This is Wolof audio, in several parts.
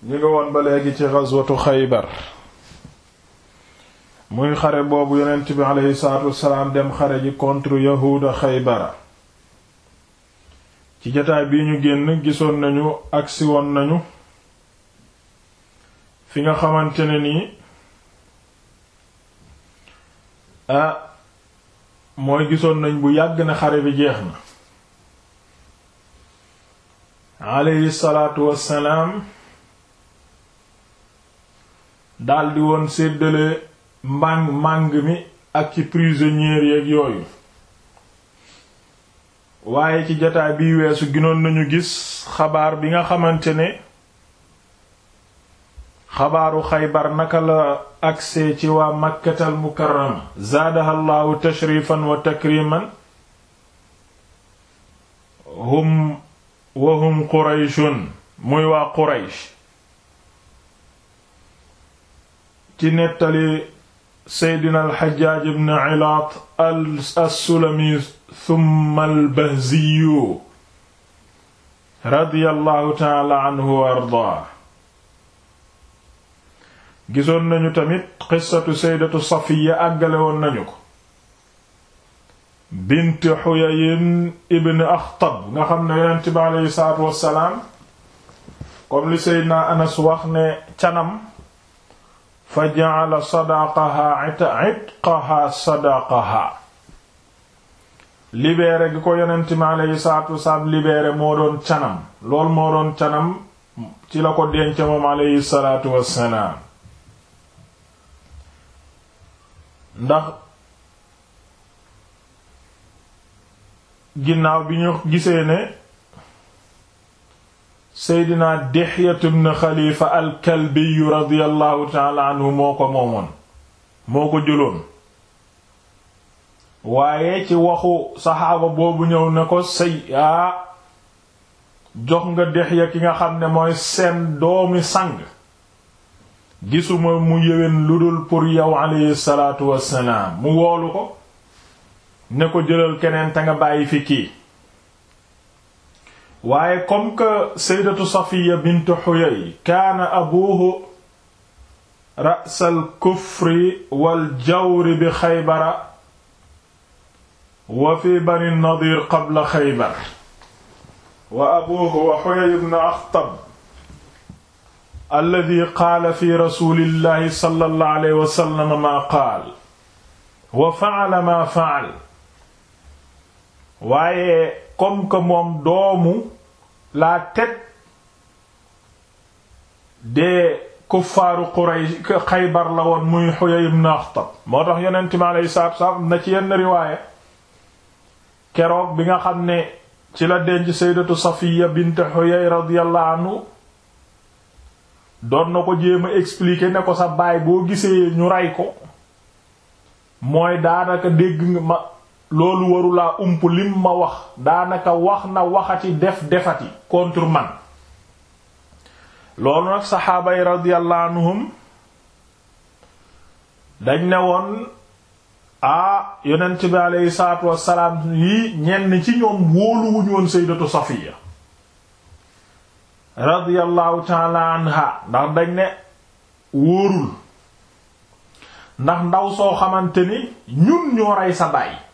ñu ngi woon ba léegi ci ghazwatu Xaybar muy xare boobu yonent bi aleyhi salaatu dem xare ji contre yahuuda Xaybara ci jotaay bi ñu génn gisoon nañu agsi woon nañu fi nga xamante ne nii ah mooy gisoon nañ bu yàgg na xare bi jeex na aleyhi salaatu wassalaam daldi woon séddale màng màng mi ak ci prisonniers yeeg yooyu waaye ci jataay biy weesu ginoon nañu gis xabaar bi nga xamante ne xabaaru xaybar naka la agse ci waa makkatal mukarrama zaadaha llaahu tashrifan wa takriman hum wa hum qurayshun muy waa quraysh ci nettali seydina alxajjaaj ibn ilaat assulami thumma albahziyu radiyallahu taala anhu wa ardaa gisoon nañu tamit qissatu seydatu safiya àggale woon nañu ko bint xuyayin ibn axtab nga xam ne yonent bi aleyhi salaatu wassalaam comme li seydina anas wax ne canam fa ja'ala sadaqaha itqaha sadaqaha libéré gi ko yonent mi alayhi salaatu wasalaam libéré moo doon canam lool moo doon canam ci la ko denc moom alayhi salaatu ndax ginnaaw bi ñu gisee ne seydina dixyatu bn xalifa alkalbiyu radiallahu taala anhu moo ko moomoon moo ko jëloon waaye ci waxu saxaaba boobu ñëw ne ko sey aa ah, jox nga dixya ki nga xam ne mooy seen doomi sang gisuma mu yéwén lu dul pour yow aleyhi salaatu wassalaam mu woolu ko ne ko jëlal keneen te nga bàyyi fi kii waaye comme que saydatu safiya bint xuyay kaana abuhu rasal kufri wal jawri bi xaybara wa fi bani nadir qabla xaybar wa abuhu wa xuyay ibn axtab alladi qaala fi rasulillahi sallallahu alayhi wa sallam maa qaal wa faala maa faal waaye comme que moom doomu la tête des kuffaaru Quraysh Xaybar la woon muy Huyay ibn Akhtab moo tax yonent mi alayhi salaatu salaam na ci yenn riwaaye keroog bi nga xam ne ci la denc seydatu Safiya bint Huyay radiyallahu doon na ko jéem a expliquer ne ko sa baay boo gisee ñu rey ko mooy daanaka dégg ma loolu warulaa ump lim ma wax daanaka wax na waxati def defati kontr man loolu nag saxaaba yi radiyallahu dañ ne woon a yonent bi aleyhi salaatu wassalaam yi ñenn ci ñoom wóoluwuñ woon sayyidatu Safiya radiyallahu taala anha ndax dañ ne wóorul ndax ndaw soo xamante ni ñun ñoo rey sa baay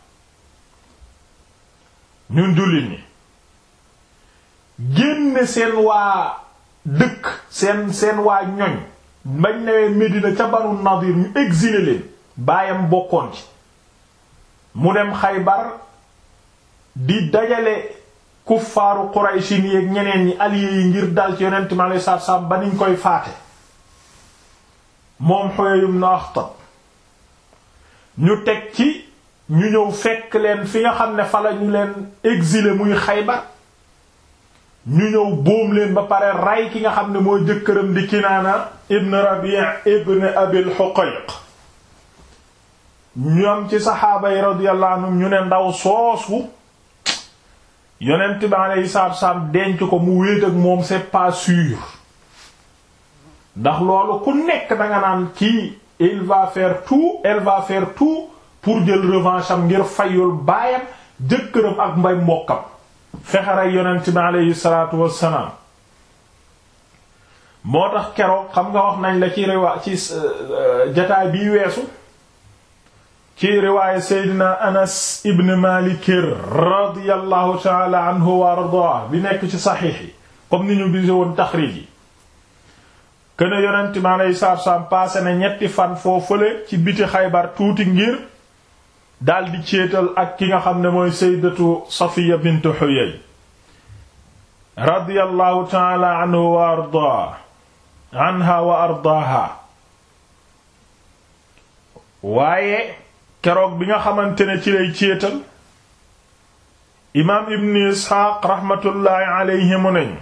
ñun jullit ñi génne seen waa dëkk seen seen waa ñoñ bañ newee Médina ca Banu Nadir ñu exilé leen baayam bokkoon ci mu dem Xaybar di dajale kuffaaru Qurayshi yi ak ñeneen ñi alliés yi ngir dal ci yonent mi alayhi salaatu salaam ba niñ koy faate moom Huyayy ibn Akhtab ñu teg ci ñu ñëw fekk leen fi nga xam ne fa la ñu leen exilé muy Xaybar ñu ñëw boom leen ba pare ray ki nga xam ne moo jëkkëram di Kinaana ibn Rabi' ibn Abil Huqayq ñu am ci saxaaba yi radiyallahu ñu ne ndaw soosu yonent bi alayhi salaatu wassalaam denc ko mu wéet moom c'est pas sûr ndax loolu ku nekk danga naan kii il va tout elle va tout pour jël revanche am ngir fayul baayam jëkkëram ak mbay mbokkam fexeray yonent bi aleyhi salaatu wassalaam moo tax keroog xam nga wax nañ la ci riwa ci euh, euh, jataay biy weesu ci riwaaya seydina anas ibn malikir radiallahu taala anhu wa ardaa bi nekk ci saxiix yi comme ni ñu gise woon taxrij yi kën a yonent paase na ñetti fan foo fële ci biti xaybar tuuti ngir daldi di céetal ak ki nga xam ne mooy seydatu Safiya bint Huyay radiyallahu ta'ala wa ardaaha waaye keroog bi nga xamante ne ci lay céetal imaam ibn Isxaaq raxmatullaahi mu nañu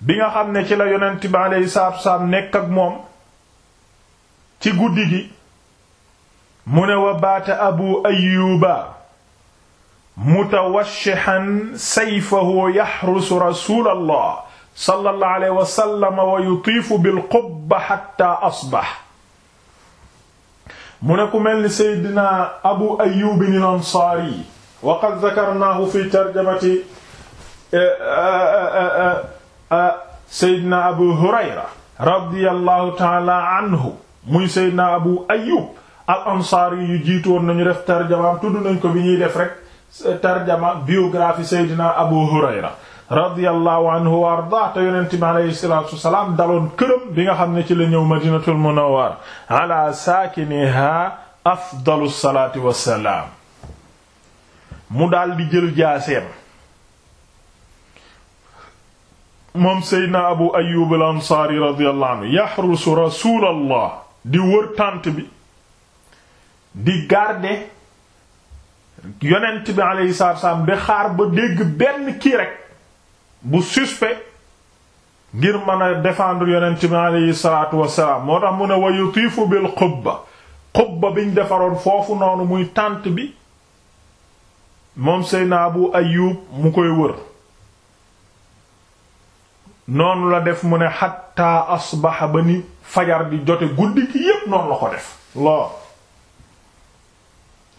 bi nga xam ne ci la yonent bi alayhi nekk ak moom ci guddi gi mu ne wa baata abu ayyuba mutawashshihan sayfahu yaxrusu rasul allah sallallahu alayhi wa sallam wa yutiifu bilqubba hatta asbax mu ne ku mel ni seydina abu ayyubin al-ansaari wa qad dakarnaahu fi tarjamati eh, eh, eh, seydina abu hurayra radiyallahu ta'ala anhu muy seydina abu ayyub al ansaar yu jiitu woon nañu def tarjamaam tudd nañ ko bi ñuy def rek tarjama biographie Seydina Abu Hurayra radiyallahu anhu wa ardaa bi daloon këram bi nga xam ne ci la ñëw madinatul munawwar ala saakiniha afdalu salaati wassalaam mu daal jël jaaseem moom Seydina Abu Ayyub al-Ansaari radiyallahu anhu yaxrusu bi di garder yonent bi alayhi salaatu wasallam di xaar ba dégg benn kii rek bu suspect ngir mën a défendre yonent bi alayhi salaatu wasallam moo tax mu ne wa yutiifu bil qubba qubba biñ defaroon foofu noonu muy tànt bi moom Seydina Abu Ayyub mu koy wër noonu la def mu ne xatta asbaxa ba ni fajar di jote guddi gi yépp noonu la ko def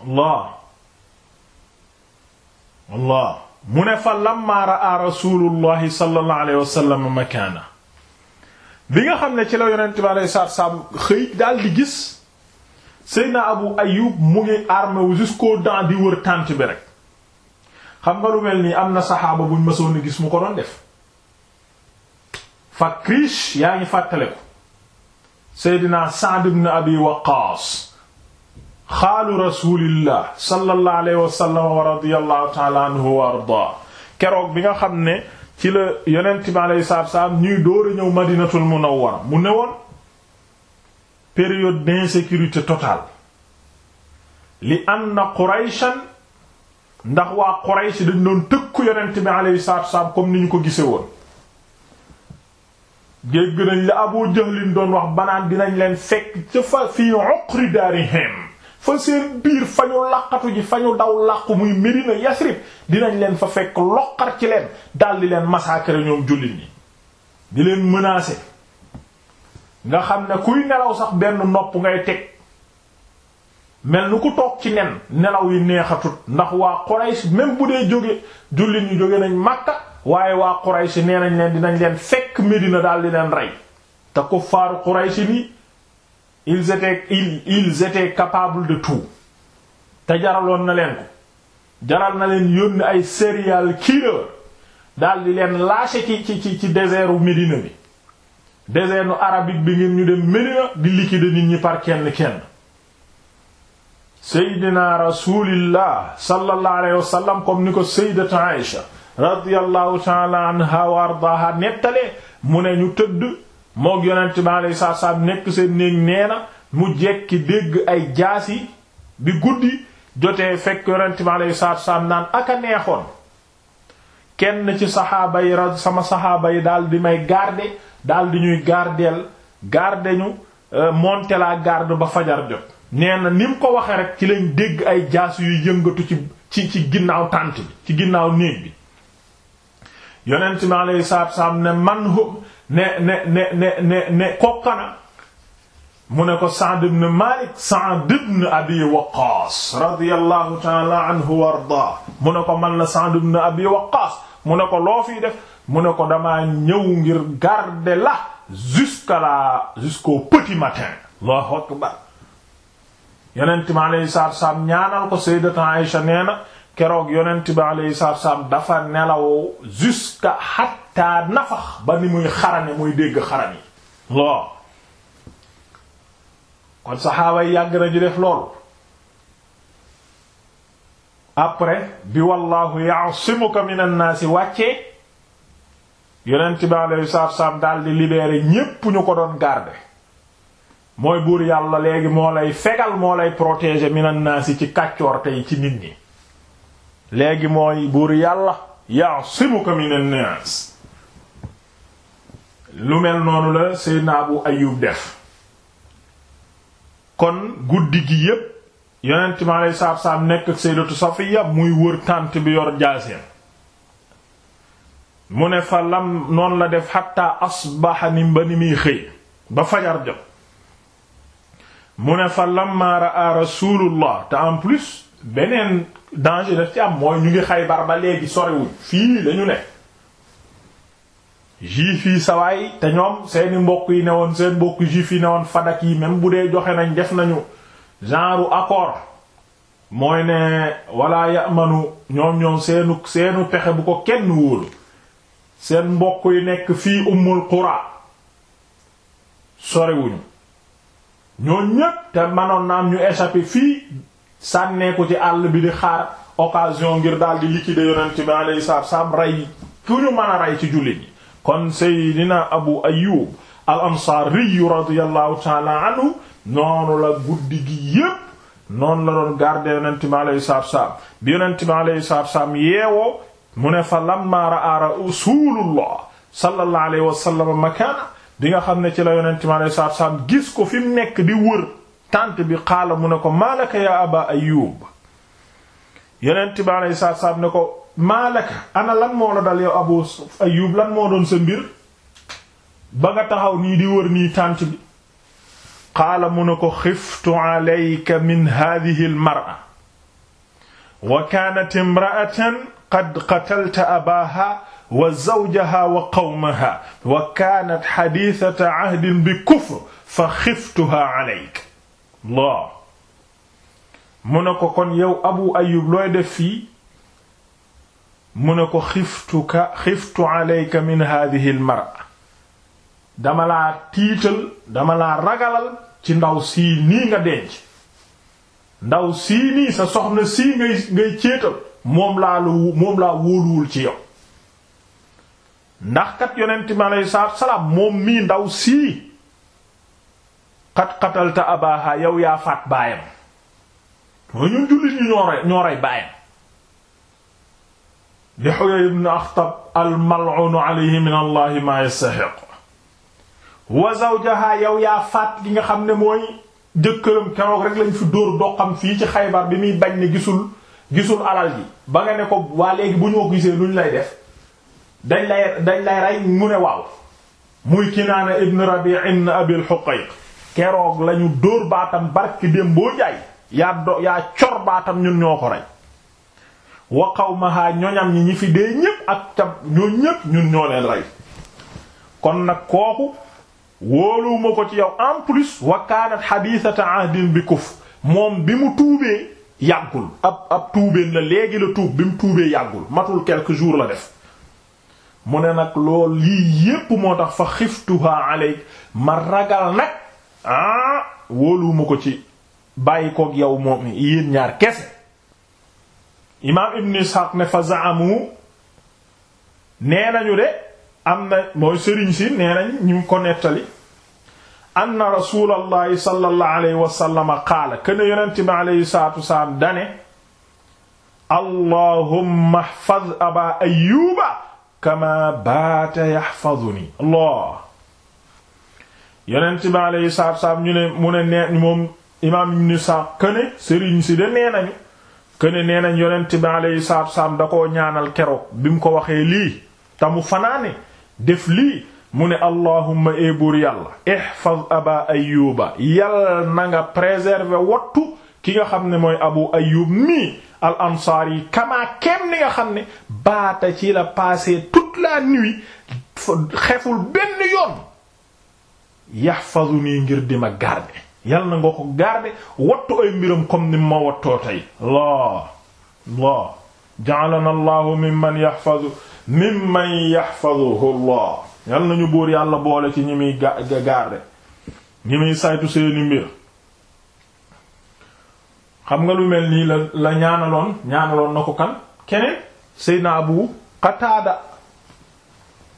allah allah mu ne fa lamma raa rasulullahi sallallahu alayhi wa bi nga xam ne ci la yonent bi alayhi salaatu salaam daal di gis Seydina Abu Ayyub mu ngi armé wu jusqu'aux dents di wër tànt bi rek xam nga lu mel ni am na saxaaba buñ mësoon a gis mu ko doon def fa kriish yaa ngi fàttale ko Seydina Sa'd ibn Abi Waqqaas xaalu rasulillah sallallahu alayhi wa sallam wa anhu wa ardaa keroog bi nga xam ne ci la yonent bi alayhi salaatu ñuy door a ñëw madinatul munawwara mu newoon période d'insécurité total li anna qurayshan ndax waa quraysh dañ doon tëkku yonent bi alayhi salaatu salaam comme ni ñu ko gise woon. dégg nañ la Abu Jahlin doon wax banaan dinañ leen fekk ca fa fii uqri daarihim fa seen biir fa ñu laqatu ji fa ñu daw làqu muy Medina Yasrib dinañ leen fa fekk loqar ci leen dal di leen massacrer ñoom jullit ñi di leen menacer nga xam ne kuy nelaw sax benn nopp ngay teg mel ni ku toog ci nen nelaw yi neexatut ndax waa Quraysh même bu dee jóge jullit ñu jóge nañ Makka waaye waa Quraysh nee nañ leen dinañ leen fekk Medina daal di leen rey te kuffaaru Quraysh ni ils étaient de tout te jaraloon na leen ko jaral na leen yónni ay serial killer daal leen lâcher ci ci ci ci désert u Médina bi désert ñu dem Médina di liquider nit ñi par kenn kenn seydina rasulillah sallallahu alayhi wasallam comme ni ko sayyidat Aïsha radiyallahu ta'ala anha wa nettale mu ne ñu tëdd moog yonent bi alayhi salaatu salaam nekk seen néeg nee na mu jekki dégg ay jaas yi bi guddi jotee fekk yonent bi alayhi salaatu salaam naan ak a neexoon kenn ci saxaaba yi ra sama saxaaba yi daal di may garder daal di ñuy gardeel garde ñu euh, monter garde ba fajar jot nee na ni mu ko waxee rek ci lañ dégg ay jaas yuy yëngatu ci ci ci ginnaaw tànt bi ci ginnaaw néeg bi yonent bi alayhi salaatu salaam ne man ne ne ne ne ne ne kokkana mu ne ko Sa'd ibn Malik Sa'd ibn Abi Waqqas radiyallahu ta'ala anhu wa ardaa mu ne ko man la Sa'd Abi Waqqas mu ne ko loo def mu ne ko damaa ñëw ngir garder la jusqu'à la jusqu'au petit matin Allahu akbar yonent bi alayhi salaatu salaam ñaanal ko sayyidatuna Aïsha nee keroog yonent bi alayhi salaam dafa nelaw jusqu'à xatta nafax ba ni muy xarane muy dégg xaran yi loo kon saxaaba yàgg nañu def loolu après bi wallahu ya'simuka minan naasi wàccee yonent bi alayhi salaatu wassalaam daal di libérer ñépp ñu ko doon garder mooy buur yàlla léegi moo lay fegal moo lay protéger minan ci kàccoor tey ci nit ñi léegi mooy buur yàlla ya'simuka minan naas lu mel noonu la Seydina Abu Ayyub def kon guddi gi yépp yonent mi aleyhi salaatu nekk ak Sayyidatu Safiya muy wër tànt bi yor jaaseem mu ne fa lam noonu la def xatta asbaxa ni ba ni muy xëy ba fajar jot mu ne fa lamma raa rasulullah te en plus beneen danger daf ci am mooy ñu ngi Xaybar ba léegi sorewuñ fii lañu ne juif yi sawaay te ñoom seeni mbokk yi newoon seen mbokk juif yi newoon fadak yi même bu dee joxe nañ def nañu genre accord mooy ne wala yamanu ñoom ñoom seenu seenu pexe bu ko kenn wóolu seen mbokk yi nekk fii ummul qura sorewuñu ñoo ñépp te manoon na ñu échappé fii sànneeku ci àll bi di xaar occasion ngir daal di liquider yonent bi alayhi salaam rey ku ñu mën a rey ci jullit ñi kon Seydina Abu Ayyub al Ansaari radiyallahu taala anhu noonu la guddi gi yépp noonu la doon garder yeewoo mu ne fa lamma ra'a Rasuulullah sallallahu alayhi wa sallam makaana bi nga xam ne ci la yonent mi gis ko fi mu nekk di wër tant bi xaala mu ne ko maalaka ya Aba Ayyub yonent mi ne ko maalaka ana lan moo la dal yow Abu Ayyub lan moo doon sa mbir ba nga taxaw nii di wër nii tànt bi qaala mu ne ko xiftu alayka min hadhihi almar'a wa kaanat imra'atan qad qatalta abaha wa zawjaha wa qawmaha wa kaanat hadithata ahdin bi kufr fa xiftuha alayka Allah mu ne ko kon yow Abu Ayyub looy def fii mu ne ko xiftuka xiftu alayka min hadhihi al dama la tiital dama la ragalal ci ndaw sii nii nga denc ndaw sii nii sa soxna sii ngay céetal moom laa la moom wóoluwul ci yow ndax kat yonent mi aleyhi salaatu salaam moom mii ndaw sii xat xatalta abaha yow yaa faat baayam mooy ñun jullit ñu ñoo baayam di Huyayy ibn Akhtab al-mal'un alayhi min Allah ma zawjaha yow yaa faat gi nga xam ne mooy jëkkëram keroog rek lañ fi dóor doxam fii ci Xaybar bi muy bañ ne gisul gisul alal ji ba nga ne ko waa léegi bu ñoo gisee luñ lay def dañ lay dañ lay rey mu ne waaw muy Kinaana ibn Rabi' ibn Abi al keroog lañu dóor baatam barki dem boo jaay yaa cor baatam ñun ñoo ko rey wa qawmaha ñoñam ñi ñi fi dee ñépp ak cab ñoo ñépp ñun ñoo leen rey kon nag kooku wóoluwuma ko ci yow en plus wa kaanat xadisata ahdin bi kuf moom bi mu tuubee yàggul ab ab tuubeen la léegi la tuub bi mu tuubee yàggul matul quelques jour la def mu ne nag lool lii yépp moo tax fa xiftuha aleyk ma ragal nag ah wóoluwuma ko ci bàyyi koog yow moom yéen ñaar kese imaam ibn Ishaq ne fa zaamu nee nañu de am na mooy sëriñ si nee nañ ñu ko nettali anna rasulallahi sallallahu alayhi wa sallam qaala kana salaatu wasalaam dane allahumma ihfaz aba ayyuba kama baata yahfazuni allah yonent bi salaatu wasalaam ñu ne mu ne nee moom imaam ibn Ishaq kana sëriñ si de nee këne nee nañ yonent bi alayhi salaatu salaam da koo ñaanal keroog bi mu ko waxee lii tamu mu fanaane def lii mu ne allahumma ebuur yàlla ihfaz aba ayyuba yàlla na nga préserver wattu ki nga xam ne mooy abu ayyub mii al ansaar ni nga xam ne baata ci la passé toute la nuit xeful benn yoon yahfazu nii ngir di ma garder yal na nga ko garder wattu ay mbiram comme ni ma wattoo tey laa laa ja'alana allahu mimman yahfazu mimman yahfazuhu allah yal nañu buur yàlla boole ci ñi muy garder saytu seeni mbir xam nga lu mel nii la la ñaanaloon ñaanaloon na ko kan keneen seydna abu qataada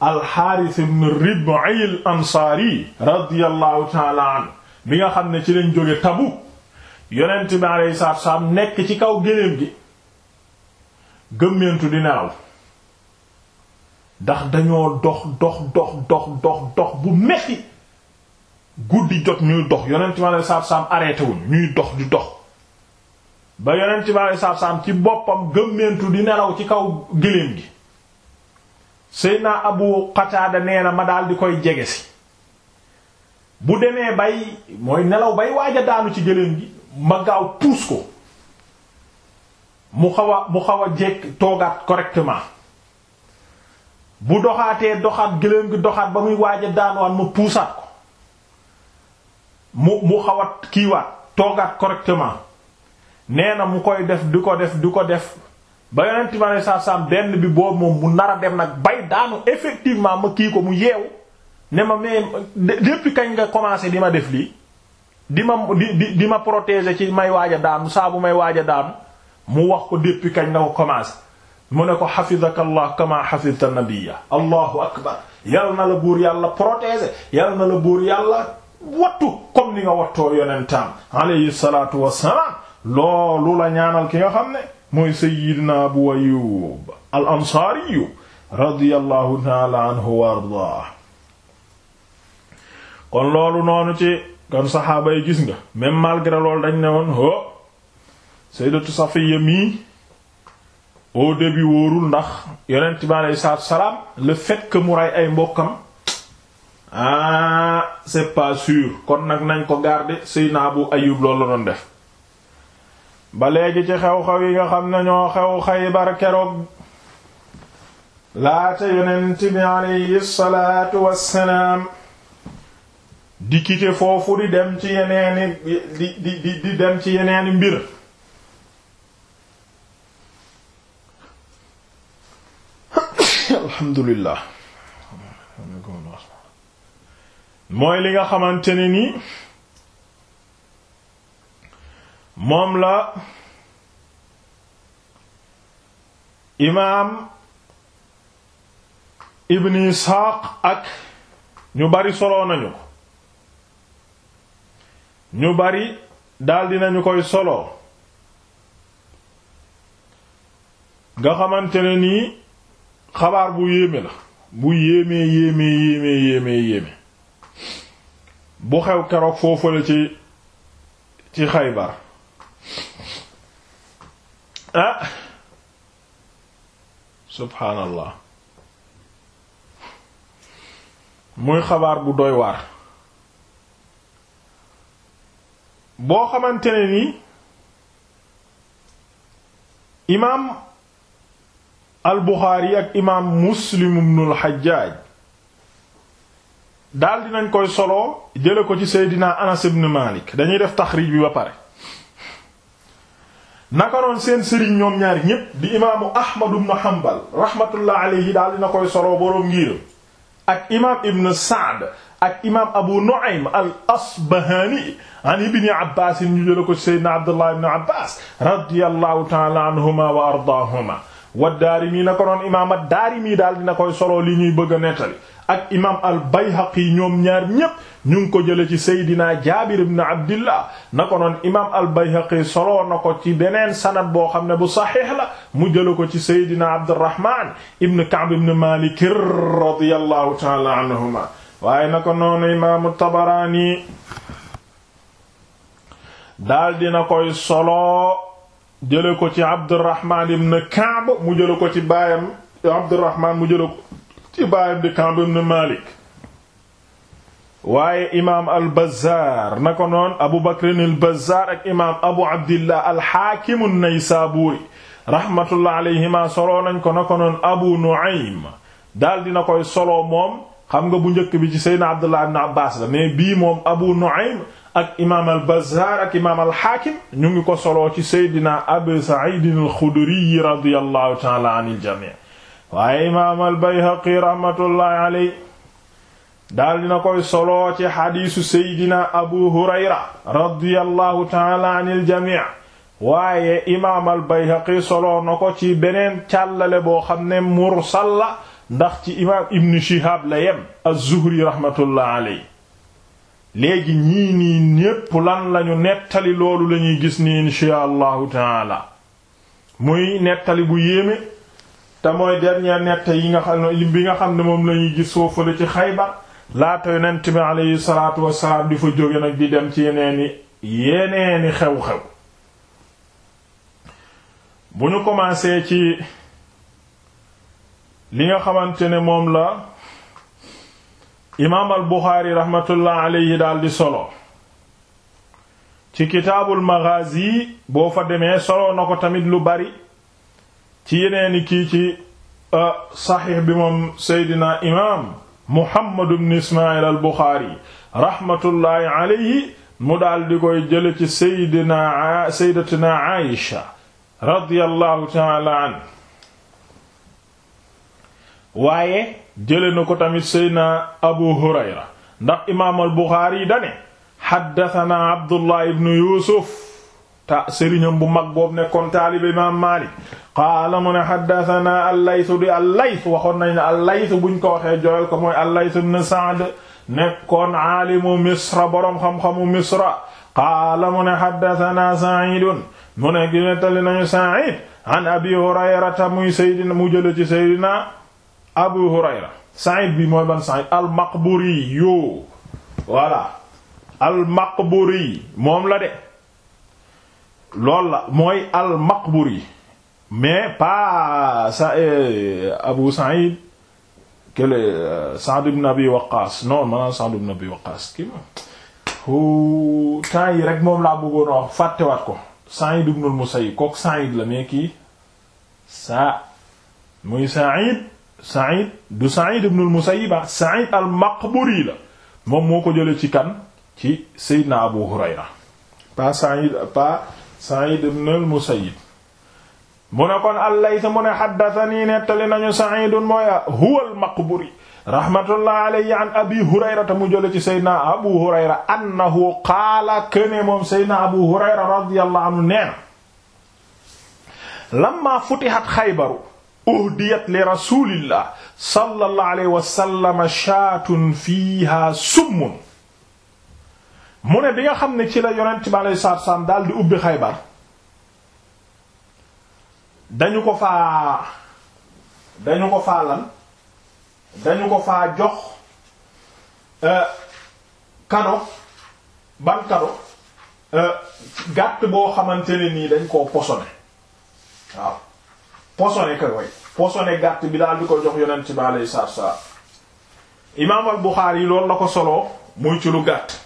alxaaris ibn rib'i al ansaari radiyallahu ta'ala anhu bi nga xam ne ci lañ jóge tabu yonent bi alayhi nekk ci kaw géléem gi gëmmeentu di nelaw ndax dañoo dox dox dox dox dox dox bu metti guddi jot ñuy dox yonent bi alayhi salaatu salaam arrêté wuñ ñuy dox di dox ba yonent bi alayhi ci boppam gëmmeentu di nelaw ci kaw géléem gi Seydina Abu Qataada nee na ma daal di koy jege si bu demee bay mooy nelaw bay waaj a daanu ci gëléem gi ma gaaw puus ko mu xaw a mu xaw a jekk toogaat correctement bu doxaatee doxaat gëléem gi doxaat ba muy waaj a daanuwaat mu puusaat ko mu mu xaw a kiiwaat toogaat correctement nee na mu koy def di ko def di ko def ba yonent bi aleyhi salaatu salaam benn bi boobu moom mu nar a dem nag bay daanu effectivement ma kii ko mu yeew ne ma mais depuis kañ nga commencé di ma def lii di ma di ma protéger ci may waaja a daanu saa bu may waaj a daanu mu wax ko depuis kañ nga ko mu ne ko xafidaka allah kama xafidta nabiyya allahu akbar yal na la buur yàlla protéger yal na la buur yàlla wattu comme ni nga wattoo yonentam alayhi salatu wassalaam loolu la ñaanal ki nga xam ne mooy sayyidina abu ayyub al ansaari radiyallahu ta'ala anhu wa ardaah kon loolu noonu ci kon saxaaba yi gis nga même malgré loolu dañ ne woon ho sayyidatu Safiya mii au début wóorul ndax yonent bi aleyhi salaatu salaam le fait que ay mbokkam ah c'est pas kon nag nañ ko garder Seydina Abu Ayyub loolu la doon def ba léegi ci xew-xew yi nga xam ne ñoo xew Xaybar keroog laata yonent bi aleyhi salaatu wassalaam di kite foofu di dem ci yeneeni di di di dem ci yeneeni mbir alhamdulillah mooy li nga xamante ne ni moom la imaam ibn Isxaaq ak ñu bari solo nañu ñu bari daldi nañu koy solo nga xamante ne nii xabaar bu yéeme la bu yéemee yéemee yéemee yéeme bu xew keroog foofu la ci ci Xaybar ah subhaanallah muy xabaar bu doy waar boo xamante ne ni imaam al Buxaari ak imaam Muslim ibnul Xajjaaj nañ koy solo jële ko ci Seydina Anas ibn Malik dañuy def taxriij bi ba pare naka noon seen sëriñ ñoom ñaari ñépp di imaamu Ahmad ibn Hanbal rahmatullah alayhi daal dina koy solo boroom ngir ak imaam Ibn Sa'd ak imaam Abu Nu'aym al-Asbahani an ibni Abbas ñu jëla ko Seydina Abdullah ibn Abbas radiyallahu ta'ala anhuma wa ardaahuma wa Daarimi na noon imaam ad-Daarimi daal dina koy solo lii ñuy bëgg a nettali ak imaam al-Bayhaqi ñoom ñaar ñépp ñu ngi ko jële ci Seydina Jaabir ibn Abdillah na ko noon imaam al-Bayhaqi solo na ko ci beneen sanad boo xam ne bu saxiix la mu jële ko ci Seydina Abdurrahmaan ibn Ka'b ibn Maalik radiyallahu ta'ala anhuma waaye na ko noonu imaamu tabaraani daal dina koy solo jële ko ci abdurrahman ibn kaab mu jële ko ci mu jële ko ci kaab ibn malik waaye imaam al bazaar na ko noon abu bakrin al imaam abu abdillah al haakim an rahmatullah alayhima solo nañ ko na abu nu'aym daal dina koy solo moom xam nga bu njëkk bi ci Seydina Abdullah ibn Abbas la mais bii moom Abu Nu'aym ak soloo ci Seydina Abu Sa'id al-Khudri ta'ala anil jami' waaye imaam al-Bayhaqi rahmatullahi daal dina koy soloo ci xadiisu Seydina Abu Hurayra radiyallahu ta'ala anil jami' waaye imaam al soloo na ko ci beneen càllale boo xam ne mursal ndax ci imaam ibn Shihab la yem az-Zuhri rahmatullah aley léegi ñii nii ñépp lan lañu nettali loolu lañuy gis ni inshaa allahu taala muy nettali bu yéeme te mooy dernier nette yi nga xam ne bi nga xam ne moom lañuy gis foofale ci Xaybar laata yonent bi aleyhi salaatu wassalaam di fa jóge nag di dem ci yeneeni yeneeni xew-xew bu ñu commencé ci li nga xamante ne moom la imaam al buxaari raxmatullah alayhi daldi solo ci kitaabul maghazi boo fa demee solo na ko tamit lu bari ci yeneeni kii ci euh, saxiix bi moom seydina imaam muhammad ibn ismaayil al buxaari raxmatullaahi alayhi mu daldi koy jële ci seydina sayyidatina aisha radiyallahu ta'ala anha waaye jële na ko tamit seydna abu hurayra ndax imaam al buxaari dane xaddathana abdullah ibnu yuusuf ta sëriñam bu mag boobu nekkoon taalibe imaam maalik qaala mu ne xaddathana allaytu di allaytu waxoon nañ ne allaytu buñ ko waxee jooyal ko mooy allaytu ibn sa'd nekkoon aalimu misra boroom xam-xamu misra qaala mu ne xaddathana sa'idun mu ne gi nañu sa'id an abi hurayrata muy seydina mu jële seydina Abu Hurayra Sa'id bi mooy ban Sa'id al-Maqburi yoo voilà al-Maqburi moom la de lool la mooy al-Maqburi mais pas sa euh, Abu Sa'id kele euh, Sa'd ibn Abi Waqqas non maanaam Sa'd ibn Abi Waqqas kii ma o temps yi rek moom laa bëggoon wax fàttewaat ko Sa'id ibn al-Musayyib kook Sa'id la mais kii sa muy Sa'id Saïd du Saïd ibn al-Musayyib ah, Saïd al-Maqburi la moom moo ko jëlee ci kan ci Seydina Abu Hurayra pas Saïd pas Saïd ibn al-Musayyib mu ne kon al-Layth mu ne haddathanii nettali nañu Saïd mooy ah, huwa al-Maqburi rahmatullah alayhi an Abi Hurayra mu jëlee ci Seydina Abu Hurayra annahu qaala kaana moom Seydina Abu Hurayra radiyallahu anhu nee na lamma futihat Xaybaru uhdiyat li rasulillah sallallahu alayhi wa sallam shaatun fiiha summun mu ne bi nga xam ne ci la yonent bi alayhi salaatu salaam daal di ubbi xaybar dañu ko faa dañu ko faa lan dañu ko faa jox kado euh, ban kado euh, gàtt boo xamante ne nii dañ koo posone waaw posone ko koy posone gàtt bi daal di ko jox yonent bi alayhi salaatu salaam imaam al Buxaari yi loolu la ko solo muy ci lu gàtt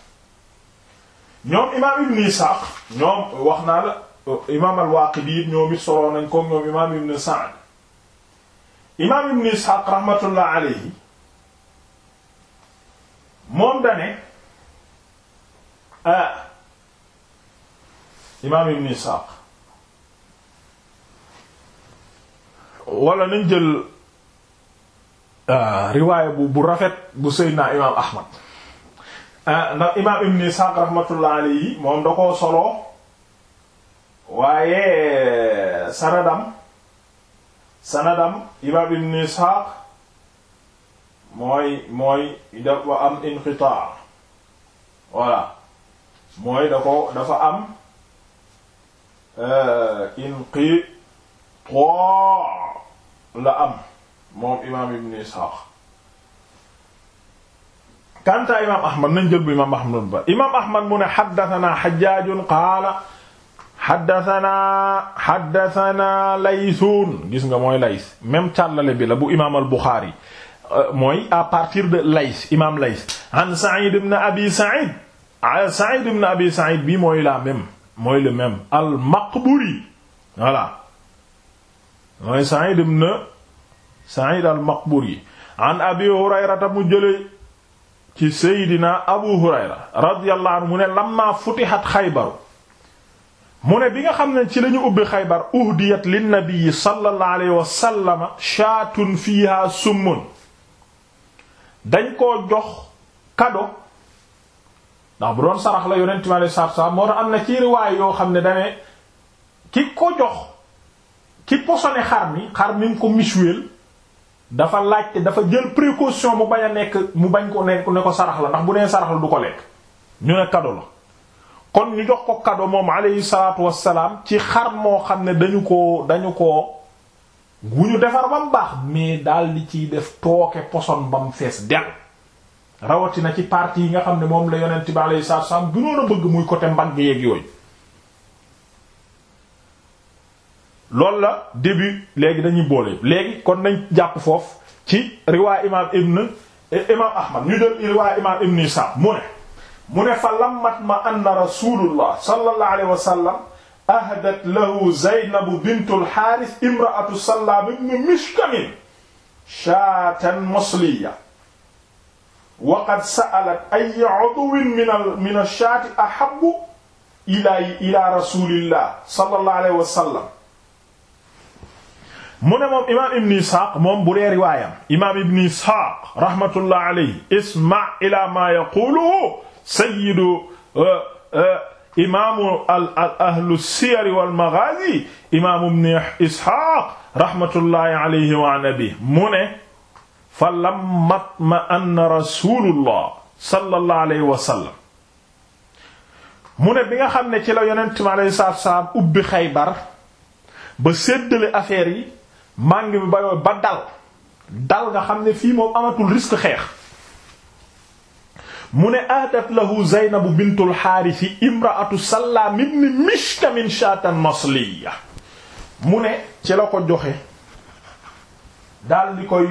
ñoom imaam ibn Isaaq ñoom wax naa la imaam al Waaqidi it ñoom it soloo nañ ko ñoom imaam ibn Sa'd rahmatullah alayhi moom dane ah, imaam ibn Isaaq wala nañ jël euh, riwaaya bu bu rafet bu Seydina imaam Ahmad euh, ndax imaam Ibn Isxaaq rahmatullah alayhi moom da koo soloo waaye euh, sanadam sanadam imaam Ibn Isxaaq mooy mooy dafa am inqitaa voilà mooy dafa am inqitaa la am moom imaam ibn Isxaaq kanta imaam Ahmad nañ jël bu imaam Ahmad ba imaam Ahmad mu ne haddasanaa Hajjaajun qaala haddasanaa haddasanaa Laysun gis nga mooy Lays même càllale bi la bu imaam al-Buxaari euh, mooy à partir de Lays imaam Lays an Sa'iid ibn Abi Sa'iid ah, Sa'iid ibn Abi Sa'iid bi mooy la même mooy le même al-Maqburi voilà mooy Sa'id ibn Sa'id al-Maqburi an Abi Hurayrata mu jële ci Seydina Abu Hurayra radiyallahu anhu mu ne lamma futihat Xaybar mu ne bi nga xam ne ci lañu ubbi Xaybar uhdiyat linnabii sallallahu alayhi wa sallama shaatun fiiha summun dañ jox kado ndax doon sarax la yonent moo tax am na ci riwaay yoo xam ne dane ki ko jox ki posone xar mi xar mi mu ko misuweel dafa laajte dafa jël précaution mu bañ a nekk mu bañ ko nekk ne ko sarax la ndax bu nee sarax la du ko lekk ñu ne kado la kon ñu jox ko kado moom alayhi salaatu wassalaam ci xar moo xam ne dañu ko dañu ko gu ñu defar ba mu baax mais daal di ci def tooke poson ba mu fees del rawatina ci partie yi nga xam ne moom la yonent bi alayhi salaatu wassalaam gënoon a bëgg muy côté mbagg yeeg yooyu loolu la début léegi dañuy boole léegi kon nañ jàpp foofu ci riwaay imaam ibn imaam ahmad ñu del riwaay imaam ibn Isaaq mu ne mu ne fa lammat ma anna rasulullah sallallahu alayhi wa sallam ahdat lahu zaynabu bintu alxaaris imraatu sallaam ibn mishkamin shaatan musliya wa qad sa'alat ayyu 'udwin min min ash-shaati ahabbu ila ila rasulillah sallallahu alayhi wa sallam mu ne moom imaam ibn isxaaq moom bu dee riwaayam imaam ibn isxaaq rahmatullah alayhi isma ila ma yaquluhu sayyidu uh, uh, imaamu al ahlu siyar wal maghaazi imaamu ibn isxaaq rahmatullahi alayhi wa nabi mu ne fa lamma tma'anna rasulullah sallallahu alayhi wa sallam mu ne bi nga xam ne ci la yonent mi alayhi salaatu wa salaam ubbi Xaybar ba séddale affaire yi màng bi ba yooyu ba dal dal nga xam ne fii moom amatul risque xeex mu ne ahdat lahu zeynabu bintul xaarisi imraatu salaam ibn mishkamin shaatan masliya mu ne ci la ko joxe daal di koy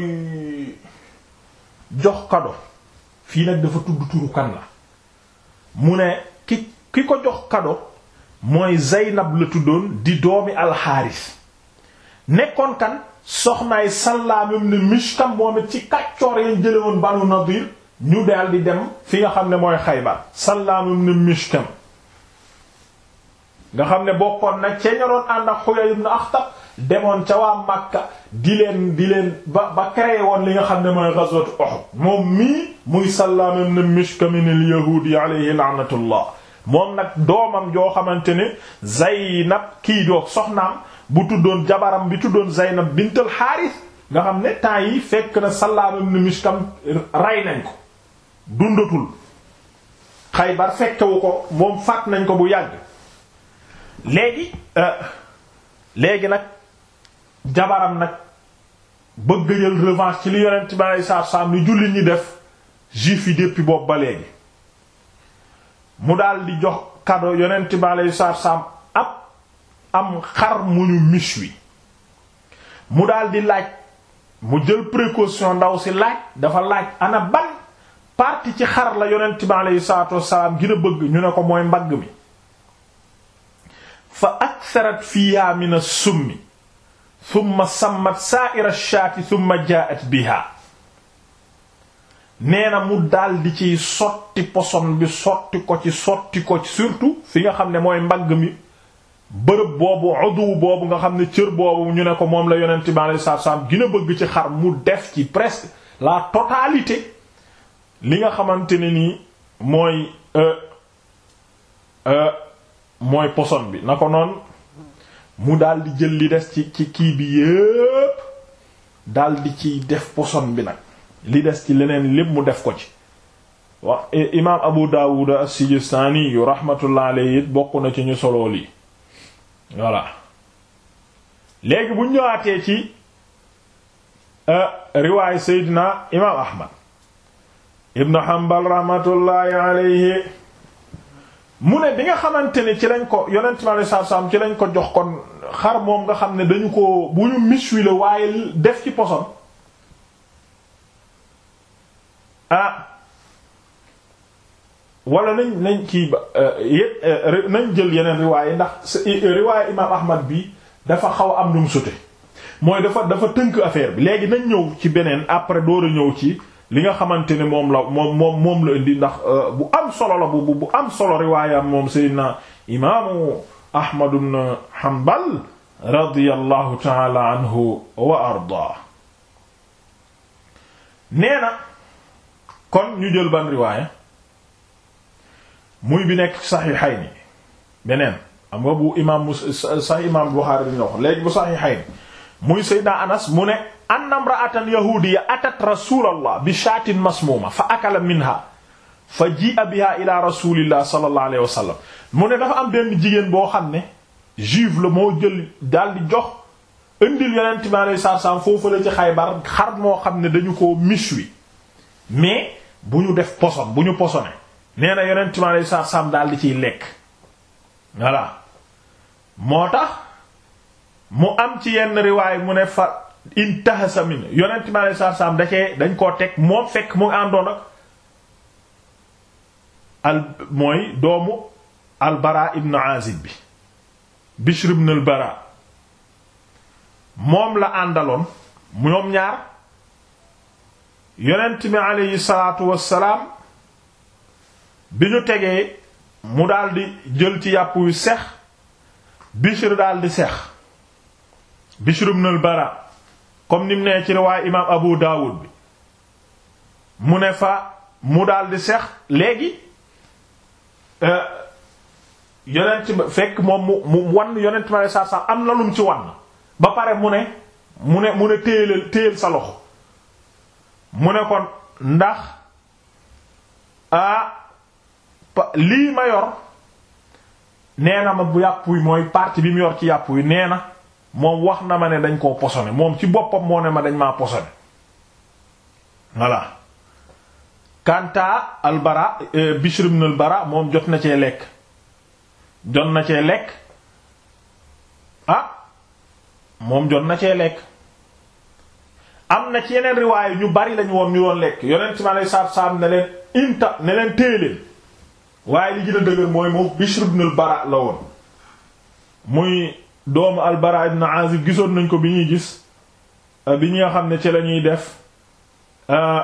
jox kado fii nag dafa tudd turu kan la mu ne ki ki ko jox kado mooy zeynab la tuddoon di doomi alxaaris nekkoon kan soxnaay Sallaam ibn Mishkam moom it ci kàccoor yañ jële woon Banu Nadir ñu daal di dem fi nga xam ne mooy Xaybar Sallaam ibn Mishkam nga xam ne bokkoon na ca doon ànd ak Huyay ibn Akhtab demoon ca waa Makka di leen di leen ba ba créé woon li nga xam ne mooy ghazwat Uhud moom mii muy Sallaam ibn Mishkam al-Yahudi alayhi la'natullah moom nag doomam joo xamante ni Zaynab kii doog soxnaam bu tuddoon jabaram bi tuddoon na bintal Xaaris nga xam ne temps yi fekk na Sallaam ibn Mishkam rey nañ ko dundatul Xaybar fekkewu ko moom faat nañ ko bu yàgg léegi euh, léegi nag jabaram nag bëgg jël revanche ci li yonent bi alei saatu salaam li jullit ñi def juif yi depuis boobu ba léegi mu daal di jox cadeau yonent bi alei saatu salaam ab am xar mu ñu mis wi mu daldi laaj mu jël précaution ndaw si laaj dafa laaj ana ban partie ci xar la yonent bi aleyhi salaatu wassalaam gën bëgg ñu ne ko mooy mbagg mi fa aktharat fiha min as-summi thumma sammat sa'ira ash-shaati thumma ja'at biha nee na mu daldi ciy sotti poson bi sotti ko ci sotti ko ci surtout fi nga xam ne mooy mbagg mi bërëb boobu odu boobu nga xam ne cër boobu ñu ne ko moom la yonent bi alayhi salaatu salaam gën a bëgg ci xar mu def ci presque laa totalité li nga xamante ne nii mooy euh, euh, mooy poson bi na ko noonu mu daal di jël li des ci ci kii bi yépp daal ciy def poson bi nag li des ci leneen lépp mu def ko ci wax imaam Abu Dawud as-Sijistani yu rahmatullah alayhi bokk na ci ñu solo lii voilà léegi bu ñëwaatee ci euh, riwaay Seydina imaam Ahmad ibnu Hanbal rahmatullahi alayhi mu ne bi nga xamante ne ci lañ ko yonent mi saa saam ci lañ ko jox kon xar moom nga xam ne dañu ko bu ñu miswi la waaye def ci poson ah, wala nañ nañ kii euh, euh, nañ jël yeneen riwaay ndax riwaay imaam Ahmad bi dafa xaw am lu mu sute mooy dafa dafa tënk affaire bi léegi nañ ñëw ci beneen après door ñëw ci li nga xamante ni moom la moom la indi ndax euh, bu am solo la bu bu am solo riwaayam moom Seydina imaamu Ahmad ibn Hanbal radiyallahu taala anhu wa arda nee na kon ñu jël ban riwaaya muy bi nekk saxiixayni beneen am nga bu imaam mu sax imaam Buxaari bi ñu wax léegi bu saxiixayni muy Seydina Anas mu ne anna imra'atan yahuudiyya atat rasuulallah bi shaatin masmuuma fa akala minha fa ji'a biha ila rasulillah sallallahu alayhi wa mu ne dafa am benn jigéen boo xam ne juive la moo jël daal di jox indil yonent bi alayhi salaatu foofu la ci Xaybar xar moo xam ne dañu ko mis wi mais bu ñu def poson bu ñu posone nee na yonent mi alayhi salaatu salaam daal di ciy lekk voilà moo tax mu am ci yenn riwaay mu ne fa intahasa min yonent mi alayhi salaatu salaam dañ koo teg moom fekk mu àndoon ak mooy doomu al Bara ibn bi Bishr ibn al moom la àndaloon ñoom ñaar yonent mi alayhi salaatu wassalaam bi ñu tegee mu daldi jël ci yàpp wi sex Bishr daldi sex Bishr ibn al-Bara comme nim nee ci riwaay imaam Abu Dawud bi mu ne fa mu daldi sex léegi euh, yonent fekk moom mu mu wann yonent ma ne saar saar am na lum ci wann ba pare mu ne mu ne mu ne téyelal téyel sa loxo mu ne kon ndax ah, lii ma yor nee na ma bu yàpp wi mooy partie bi mu yor ci yàpp wi nee na moom wax na ma ne dañ koo posone moom ci boppam moo ne ma dañ maa posone voilà kanta al bara eh, Bishr ibn bara moom jot na cee lekk jot na cee lekk a ah, moom jot na cee lekk am na ci yeneen riwaayu ñu bari lañu woon ñu doon lekk yonent mi aleyhi salaatu salaam ne leen inta ne leen téye leen waaye li gën dëgër mooy moom Bishr ibn al la woon muy doomu al-Bara ibn Azib gisoon nañ ko bi ñuy gis euh, bi ñi nga xam ne ci la def euh,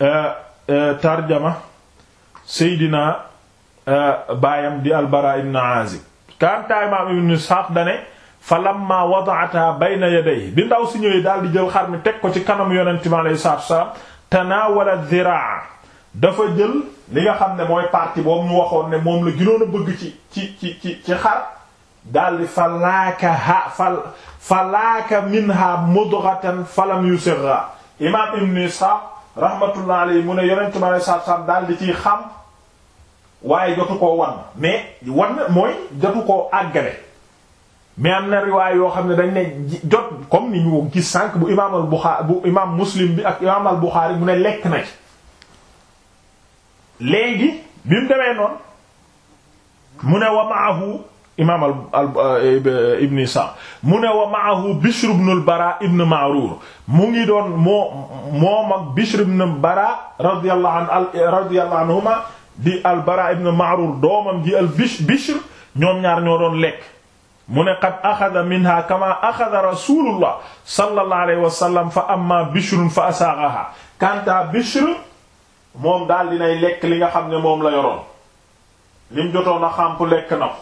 euh, tarjama Seydina baayam di al-Bara ibn Azib kantaay maam ibn Isxaaq dane fa lamma wada'ata bayna yadayhi bi ndaw si ñëwee daal di jël xar mi teg ko ci kanam yonent mi alayhi salaatu wa salaam tanaawala dhiraa dafa jël li nga xam ne mooy parti boobu ñu waxoon ne moom la gënoon a bëgg ci ci ci ci ci xar daldi falaakaha fal falaaka minha mudratan falam yusirha imam ibn Ishaq rahmatullah alayhi mu ne yonent ma ne saab-saab daldi ci xam waaye jotu koo wan mais wan mooy jotu ko àggale mais am na riwaay yoo xam ne dañ ne jot comme ni ñu gis sànq bu imam al Bukhari bu imam Muslim bi ak imam al Bukhari mu ne lekk na ci léegi bi mu demee noonu mu ne wa maahu imaam al eh, ibn Isa mu ne wa maahu Bishr ibn al-Bara ibn Ma'rur mu ngi doon moo moom ak Bishr ibn al-Bara radiyallahu an eh, radiyallahu anhuma di al-Bara ibn Ma'rur doomam ji al Bishr ñoom ñaar ñoo doon lekk mu ne qad axada minha kama axada rasulullah sallallahu alayhi wa sallam fa amma Bishr fa asaghaha kanta Bishr moom daal lekk li nga xam ne moom la yoroon lim jotoon a xàmp lekk na ko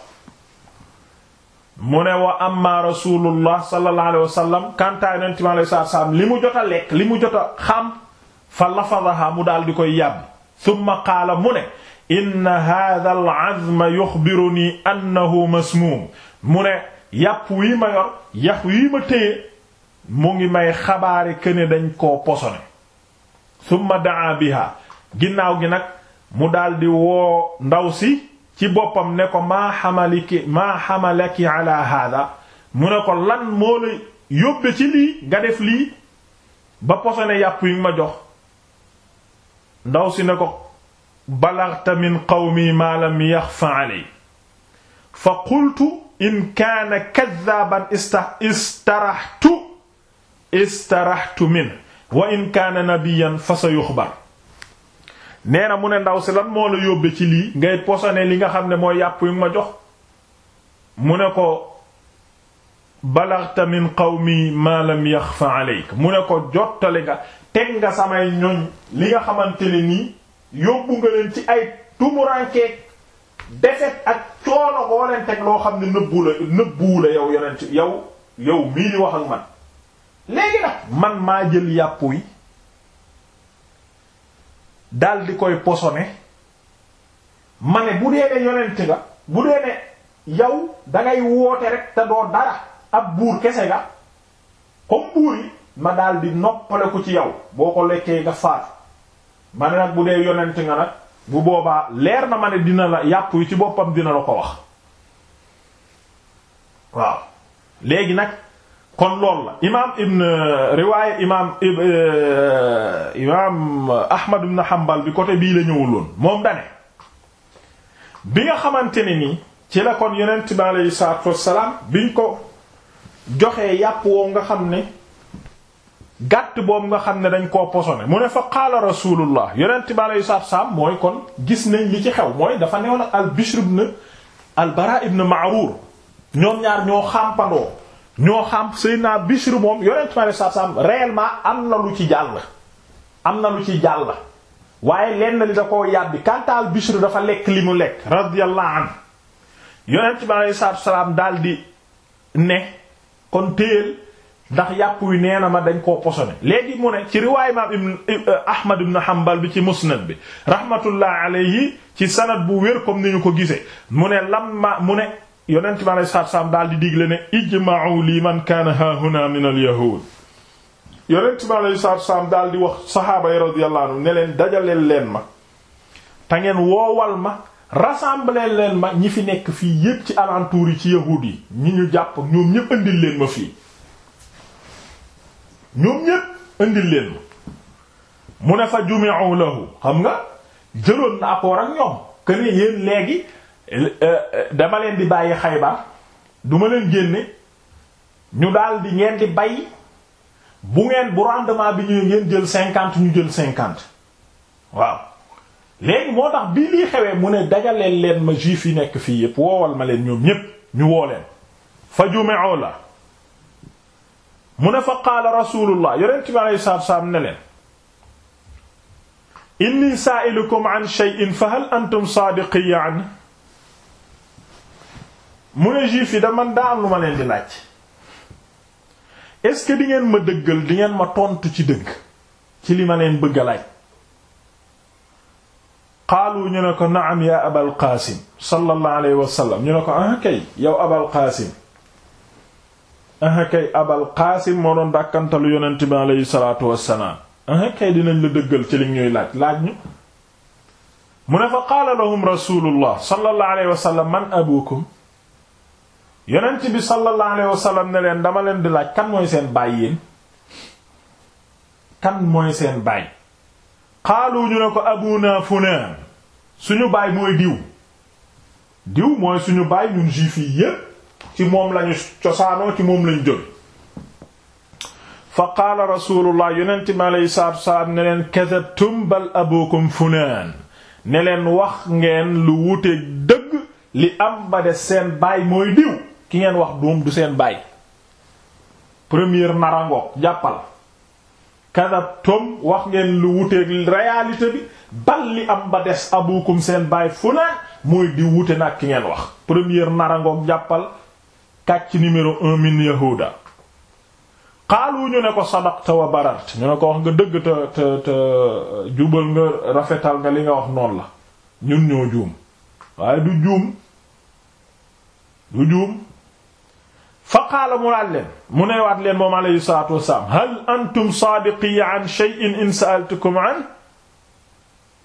mu ne wa amma rasulullah sallallahu li mu jot a lekk li mu jot a xàmp fa lafadaha mu daal di koy yàbb thumma qaala mu ne inna hadha al azma yuxbiruni annahu masmuum mu ne yàpp wii ma yor yàpp wii ma téye mu ngi may xabaari këne dañ ko posone thumma daa biha ginnaaw gi nag mu daldi woo ndaw si ci boppam ne ko maa xamaliki maa xamalaki ala hada mu ne ko la yóbbe ci lii nga def lii ba posone yàpp yi ma jox ndaw si ne ko balagta min qawmi ma lam yaxfa aley fa qultu in kaana kadaaban istaraxtu istaraxtu min wa in kaana nabiyan fa sa nee na mu ne ndaw si lan moo la yóbbe ci lii ngay posone li nga xam ne mooy yàpp yu ma jox mu ne ko balagta min qawmi ma lam yaxfa aleyk mu ne ko jottali nga teg nga samay ñoñ li nga xamante ne nii yóbbu nga leen ci ay tumurankeeg defet ak coono boo leen teg loo xam ne nëbbu la nëbbu la yow yonent yow yow mii di wax ak man léegi nag man maa jël yàpp wi daldi di koy posone ma ne bu dee ne yonent nga bu dee ne yow dangay woote rek te doo dara ab buur kese nga comme buur yi ma daldi di noppale ko ci yow boo ko lekkee nga faatu ma ne nag bu dee yonent nga nag bu boobaa leer na ma ne dina la yàpp yi ci boppam dina la ko wax waaw léegi nag kon loolu la imaam ibn euh, riwaaya imaam euh, imaam Ahmad ibn Hanbal bi côté bii la ñëwul ñëwuloon moom dane bi nga xamante ni nii ci la kon yonent bi aleyhi salaatu wassalaam biñ ko joxee yàpp woo nga xam ne gàtt boobu nga xam ne dañ koo posone mu ne fa qaala rasulullah yonent bi aleyhi salaatu wassalaam mooy kon gis nañ li ci xew mooy dafa newoon ak al Bishr ibn al Bara ibn Ma'rur ñoom ñaar ñoo xàmpandoo ñoo xam Seydina Bishr moom yonent ma saa saam réellement am na lu ci jàll am na lu ci jàll waaye lenn li da koo yàbbi kantaal Bishr dafa lekk li mu lekk radiyallahu an yonent ma alei salaam daal di ne kon téyel ndax yàpp wi nee na ma dañ koo posone léegi mu ne ci riwaay imaam ibn eh, Ahmad ibn Hanbal bi ci musnad bi rahmatullah alayhi ci sanad bu wér comme ni ñu ko gisee mu ne lamma mu ne yonent bi alei satu salaam daal di digle ne ijma'u li man kaana hahuna min al yahud yonent bi alei satu salaam daal di wax saxaaba yi radiyallahu anhu dajaleel leen ma tangeen woowal ma rassembler leen ma ñi fi nekk fii yépp ci alentour yi ci yahuud yi ñi ñu jàpp ñoom ñépp indil leen ma fii ñoom ñépp indil leen ma mu ne fa jumi'u lahu xam nga jëloon na accord ak ñoom que ne yéen léegi E, e, dama leen di bàyyi Xaybar du ma leen génne ñu daal di ngeen di bay bu ngeen bu bi ñu ngeen jël cinquante ñu jël cinquante waaw léegi moo tax bii lii xewee mu ne dajaleel leen ma juif yi nekk fii yépp woowal ma leen ñoom ñépp ñu woo leen fa jumeoo la mu ne fa qaala rasulullah yonent bi alayhi salaatu salaam ne leen inni saa'ilukum an shay'in fa hal antum saadiqiyan mu ne juif yi da man daa lu ma leen di laaj est-ce que ma dëggal di ngeen ma tontu ci dëgg ci li ma leen bëgg a laaj ñu ne ko naam ya abal qaasim sallallahu alayhi wa ñu ne ko ah kay yow abal qaasim ah kay abal qaasim moo doon dàkkantalu yonent bi alayhi salaatu wassalaam ah dinañ la dëggal ci li ñuy laaj laaj ñu mu ne fa qaala lahum rasulullah sallallahu alayhi wa sallam man abukum yonent bi sallallahu alayhi wasallam ne leen dama leen di laaj kan mooy seen baay yéen kan mooy seen baay xaalu ñu ne ko abuna fulaan suñu baay mooy diw diw mooy suñu baay ñun juif yi yépp ci moom lañu cosaanoo ci moom lañu jóg fa qaala rasulullah yonent bi alayhi salaatu wasalaam ne leen kadabtum bal abukum fulaan ne leen wax ngeen lu wuteeg dëgg li am ba de seen baay mooy diw ki ngeen wax doom du seen baay première narango jàppal kadabtum wax ngeen lu wuteeg réalité bi bal li am ba des abukum seen baay fulaan mooy di wute nag ki ngeen wax première narango jàppal kàcc numéro un min yahuda xaalu ñu ne ko sadaqta wa barart ñu ne ko wax nga dëgg te te te jubal nga rafetal nga li nga wax noon la ñun ñoo juum waaye du juum du juum fa qaala mu laaj leen mu ne waat leen moom alayhi salaatu wassalaam hal antum saadiqi an shay'in in sa'altukum an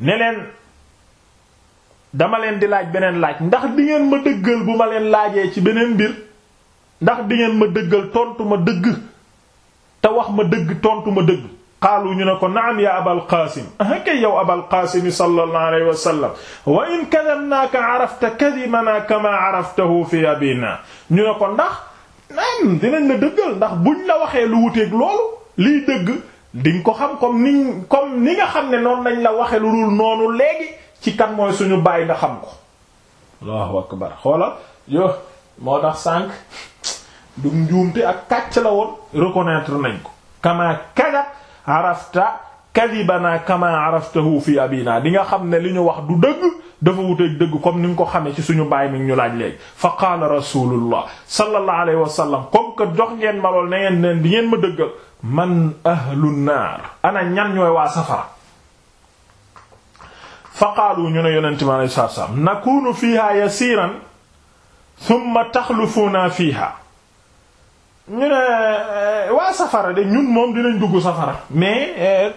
ne leen dama leen di laaj beneen laaj ndax di ngeen ma dëggal bu ma leen laajee ci beneen mbir ndax di ngeen ma dëggal tontu ma dëgg te wax ma dëgg tontu ma dëgg qaalu ñu ne ko naam ya abal qaasim kay yow abal qaasim sallallahu alayhi wa sallam wa in kadabnaaka arafta kadimana kama araftahu fi abina ñu ne ko ndax naan dinañ la dëggal ndax buñ la waxee lu wuteeg loolu liy dëgg diñ ko xam comme ni comme ni nga xam ne noonu lañ la waxee lu dul noonu léegi ci kan mooy suñu bàyyi nga xam ko allahu akbar xoolal yo moo tax sànq du njuumte ak kàcc la woon reconnaître nañ ko kama kada arafta kadibana kama araftahu fi abina di nga xam ne li ñu wax du dëgg dafa wuteeg dëgg comme ni nga ko xamee ci suñu baay mi ñu laaj léegi fa qaala rasulullah sallallahu alayhi wa sallam comme que jox ngeen ma lool na ngeen di ngeen ma dëggal man ahlu naar ana ñan ñooy waa safara fa qaalu ñu ne yonente mi alayhi salaam nakunu fiha yasiran thumma taxlufuuna fiha ñu ne euh, waa safara de ñun moom dinañ dugg safara mais euh,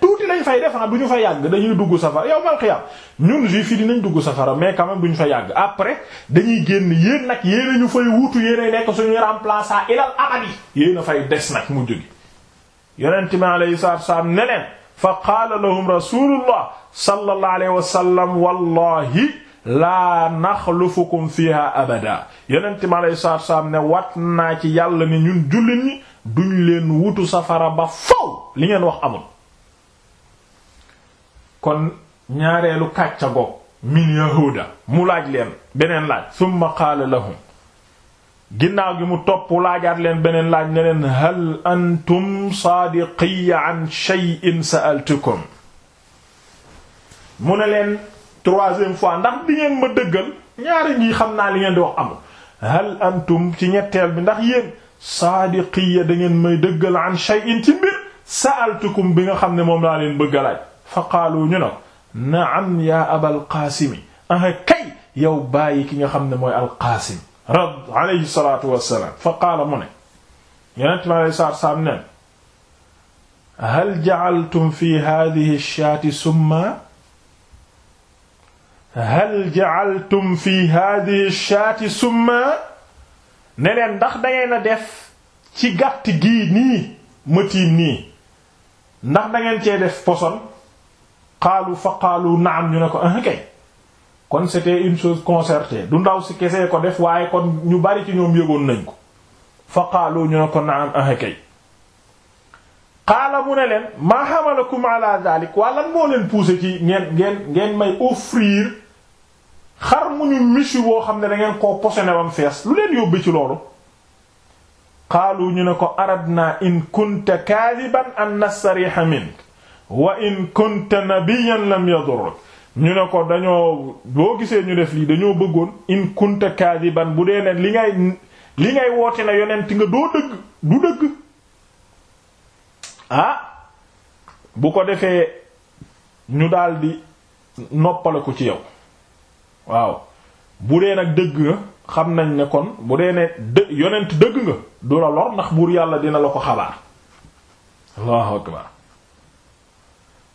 tuuti lañ fay def ah, du ñu fa yàgg dañuy dugg safara yow mal xiyam ñun juif yi dinañ dugg safara mais kamam même ñu fa yàgg après dañuy génn yéen nag yéen ñu fay wuutu yéen nekk suñu remplaçant ilal abadi yéen a fay des nag mujj jógi yonent mi alayhi salaatu wassalaam ne fa qaala lahum rasulullah sallallahu alayhi wasallam wallahi laa naxlufukum fiha abada yenente mi aleyi salaatu salaam ne wat naa ci yàlla ne ñun jullit ñi duñ leen wutu safara ba faw li ngeen wax amul kon ñaareelu kàcca goog min yahuda mu laaj leen beneen laaj summa qaala lahum ginnaaw gi mu topp laajaat leen beneen laaj ne leen hal antum saadiqiya an shay'in sa'altukum mu ne leen troisième fois ndax di ngeen ma dëggal ñaari xam naa li ngeen di wax amul antum ci ñetteel bi ndax yéen saadiqiya da ngeen may dëggal an shay'in ci mbir sa'altukum bi nga xam ne moom laa leen bëgg a laaj fa ñu ne naam ya abal qaasimi aha kay yow bàyyi ki nga xam ne mooy alqaasim rad alayhi salatu wassalaam fa qaala mu ne yenent mi alei saatu salaam neen hal ja'altum fi hadhihi ash-shati hal ja'altum fi hadhihi shaati summa ne ndax dangeen a def ci gàtt gi nii ma tiim nii ndax dangeen cee def poson qaalu fa qaalu naam ñu ne ko ah kay kon c'était une chose concertée du ndaw si kese ko def waaye kon ñu bari ci ñoom yëgoon nañ ko fa qaalu ñu ne ko naam ah kay qaala mu ne leen maa hamalakum ala dalik waa lan moo leen poussé ci ngeen ngeen ngeen may offrir xar mu ñu michu boo xam ne dangeen ngeen koo posone bam fees lu leen yóbbi ci loolu qaalu ñu ne ko aradna in kunta kaadiban an nastariha mink wa in kunta nabiyyan lam ñu ne ko dañoo boo gisee ñu def lii dañoo bëggoon in kunta kaadiban bu dee ne li ngay li ngay woote na yonent nga doo dëgg du dëgg ah bu ko defee ñu daldi noppale ko ci yow waaw bu dee nag dëgg nga xam nañ ne kon bu dee ne dë yonent dëgg nga du la lor ndax buur yàlla dina la ko xalaat allahu akbar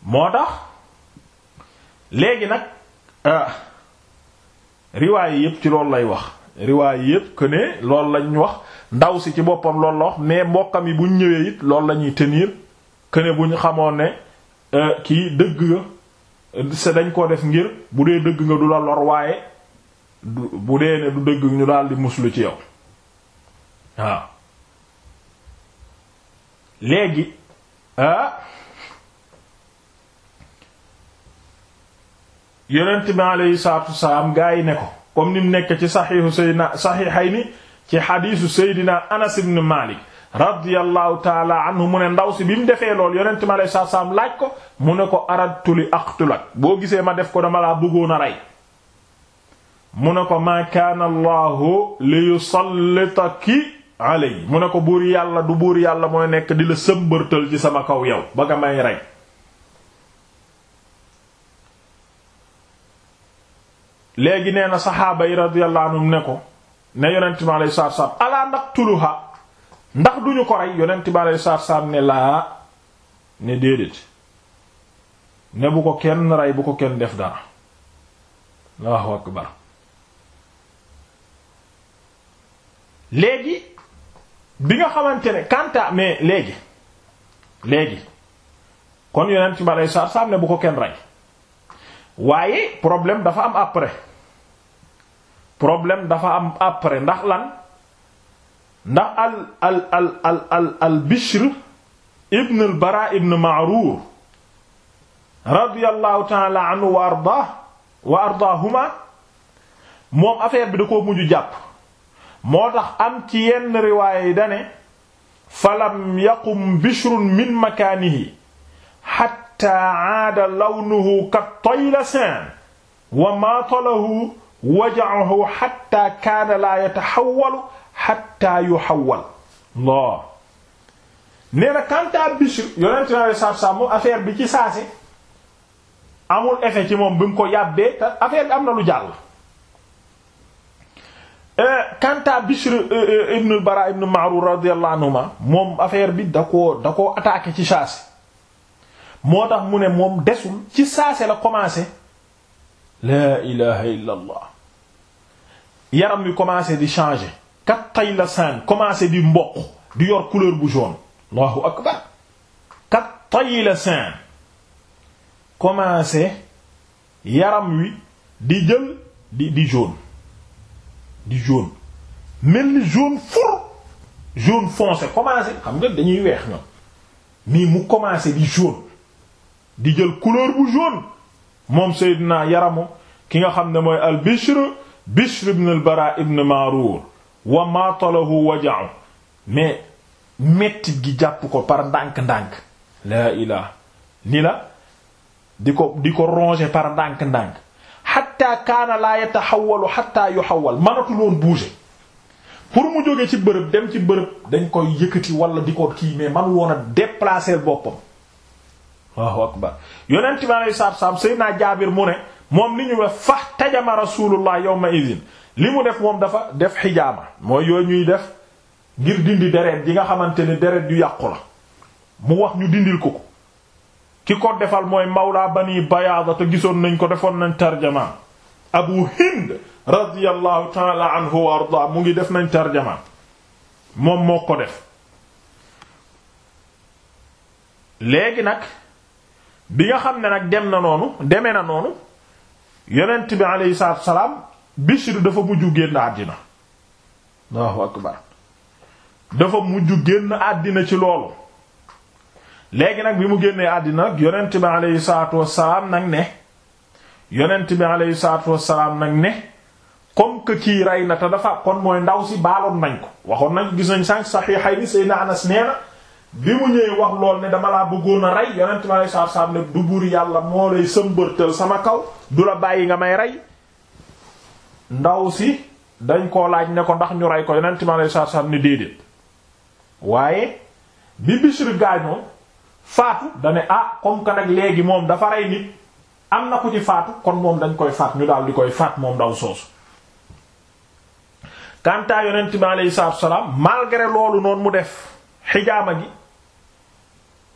moo tax léegi nag euh, riwaay yépp ci loolu lay wax riwaay yépp que ne loolu lañ wax ndaw si ci boppam lool la wax mais mbokkam yi buñ ñëwee it loolu lañuy ñuy tenir que bu ñu xamoon ne euh, kii dëgg nga se dañ koo def ngir bu dee dëgg nga du la lor waaye bu dee ne du dëgg ñu daal di muslu ci yow waaw léegi ah yonent bi aleyhi salaatu wasalaam gaa yi ne ko comme ni mu nekk ci saxiixu Seydina saxiixayni ci xadiisu Seydina Anas ibn Maalik radiyallahu taala anhu mu ne ndaw si bi mu defee lool yonent mi alayhi salaatu laaj ko mu ne ko aradtu li aqtulak boo gisee ma def ko dama laa bëggoon a rey mu ne ko maa kaana allahu li mu ne ko buur yàlla du buur yàlla mooy nekk di la sëmbërtal ci sama kaw yow ba nga may rey léegi nee na saxaaba yi radiyallahu anhum ne ko ne yonent mi alayhi ndax duñu ko rey yonent bi aleyhi salaatu salaam ne laa ne déedéet ne bu ko kenn rey bu ko kenn def dara Allahu akbar léegi bi nga xamante ne kanta mais léegi léegi kon yonent bi aleyhi salaatu ne bu ko kenn rey waaye problème dafa am après problème dafa am après ndax lan ndax al al al al al al Bishr ibn al Bara ibn Ma'rur radiyallahu ta'ala anhu wa ardaa wa ardaahuma moom affaire bi da koo mujj jàpp moo tax am ci yenn riwaaya yi dane falam yaqum bishrun min makaanihi hatta aada lawnuhu kat toylasin wa maatalahu waja'ahu hatta kaana laa yatahawwalu hatta yuhawwal Allah nee na kantaa Bishr yonent na saab-saab moom affaire bi ci saase amul effet ci moom bi ko yàbbee te affaire bi am na lu jàll eh, kantaa Bishr eh, eh, ibn al-Bara ibn radiyallahu anhuma moom affaire bi da koo da ci saase moo tax mu ne moom desul ci saase la commencé laa ilaha illa allah yaram wi commencé di changer kat tay la saan commencé di mboq di yor couleur bu jaune allahu akbar kat tay la saan commencé yaram wi di jël di di jaune di jaune mel ni jaune fur jaune foncé commencé xam nga dañuy weex ñoom mais mu commencé di jaune di jël couleur bu jaune moom Seydina yaramu ki nga xam ne mooy al Bishr Bishr ibn al Bara ibn Marur wa maatalahu waja'u mais mettit gi jàpp ko par ndànk-ndànk laa ilah ni la di ko di ko ronger par ndànk-ndànk xatta kaana laa yataxawalu xatta yuxawal mënatul woon bouger pour mu jógee ci bërëb dem ci bërëb dañ koy yëkkati wala di ko kii mais man woon a déplacer boppam Allahu akbar yonent bi alayhi salaatu salaam Seydina Jaabir mu ne moom li ñu wax fax tajama rasulullah yawma idin li mu def moom dafa def xijaama mooy yooyu ñuy def ngir dindi deret yi nga xamante ne deret yu yàqu la mu wax ñu dindil ko ki ko defal mooy mawla bani bayaada te gisoon nañ ko defoon nañ tarjama abu hind radiyallahu taala anhu wa arda mu ngi def nañ tarjama moom moo ko def léegi nag bi nga xam ne nag dem na noonu demee na noonu yonent bi aleyhi salaatu salaam Bishr dafa mujj génn àddina Allahu akbar dafa mujj génn ci loolu léegi nag bi mu génnee àddina nag yonent bi aleyhi salaatu nag ne yonent bi aleyhi salaam nag ne comme que kii rey na te dafa kon mooy ndaw si baaloon nañ ko waxoon nañ gis nañ sànq saxiixay ni Seydina Anas nee na bi mu ñëwee wax lool ne dama laa bëggoon a rey yonent ma lay saab saab ne du buur yàlla moo lay sëmbërtël sama kaw du la bàyyi nga may rey ndaw si dañ koo laaj ne ko ndax ñu rey ko yonent ma lay saab saab ne déedéet waaye bi Bishr gaañoo faatu da ne ah comme que nag léegi moom dafa rey nit am na ku ci faatu kon moom dañ koy faat ñu daal di koy faat moom ndaw soosu kantaa yonent bi aleyhi salaatu wa salaam malgré loolu noonu mu def xijaama gi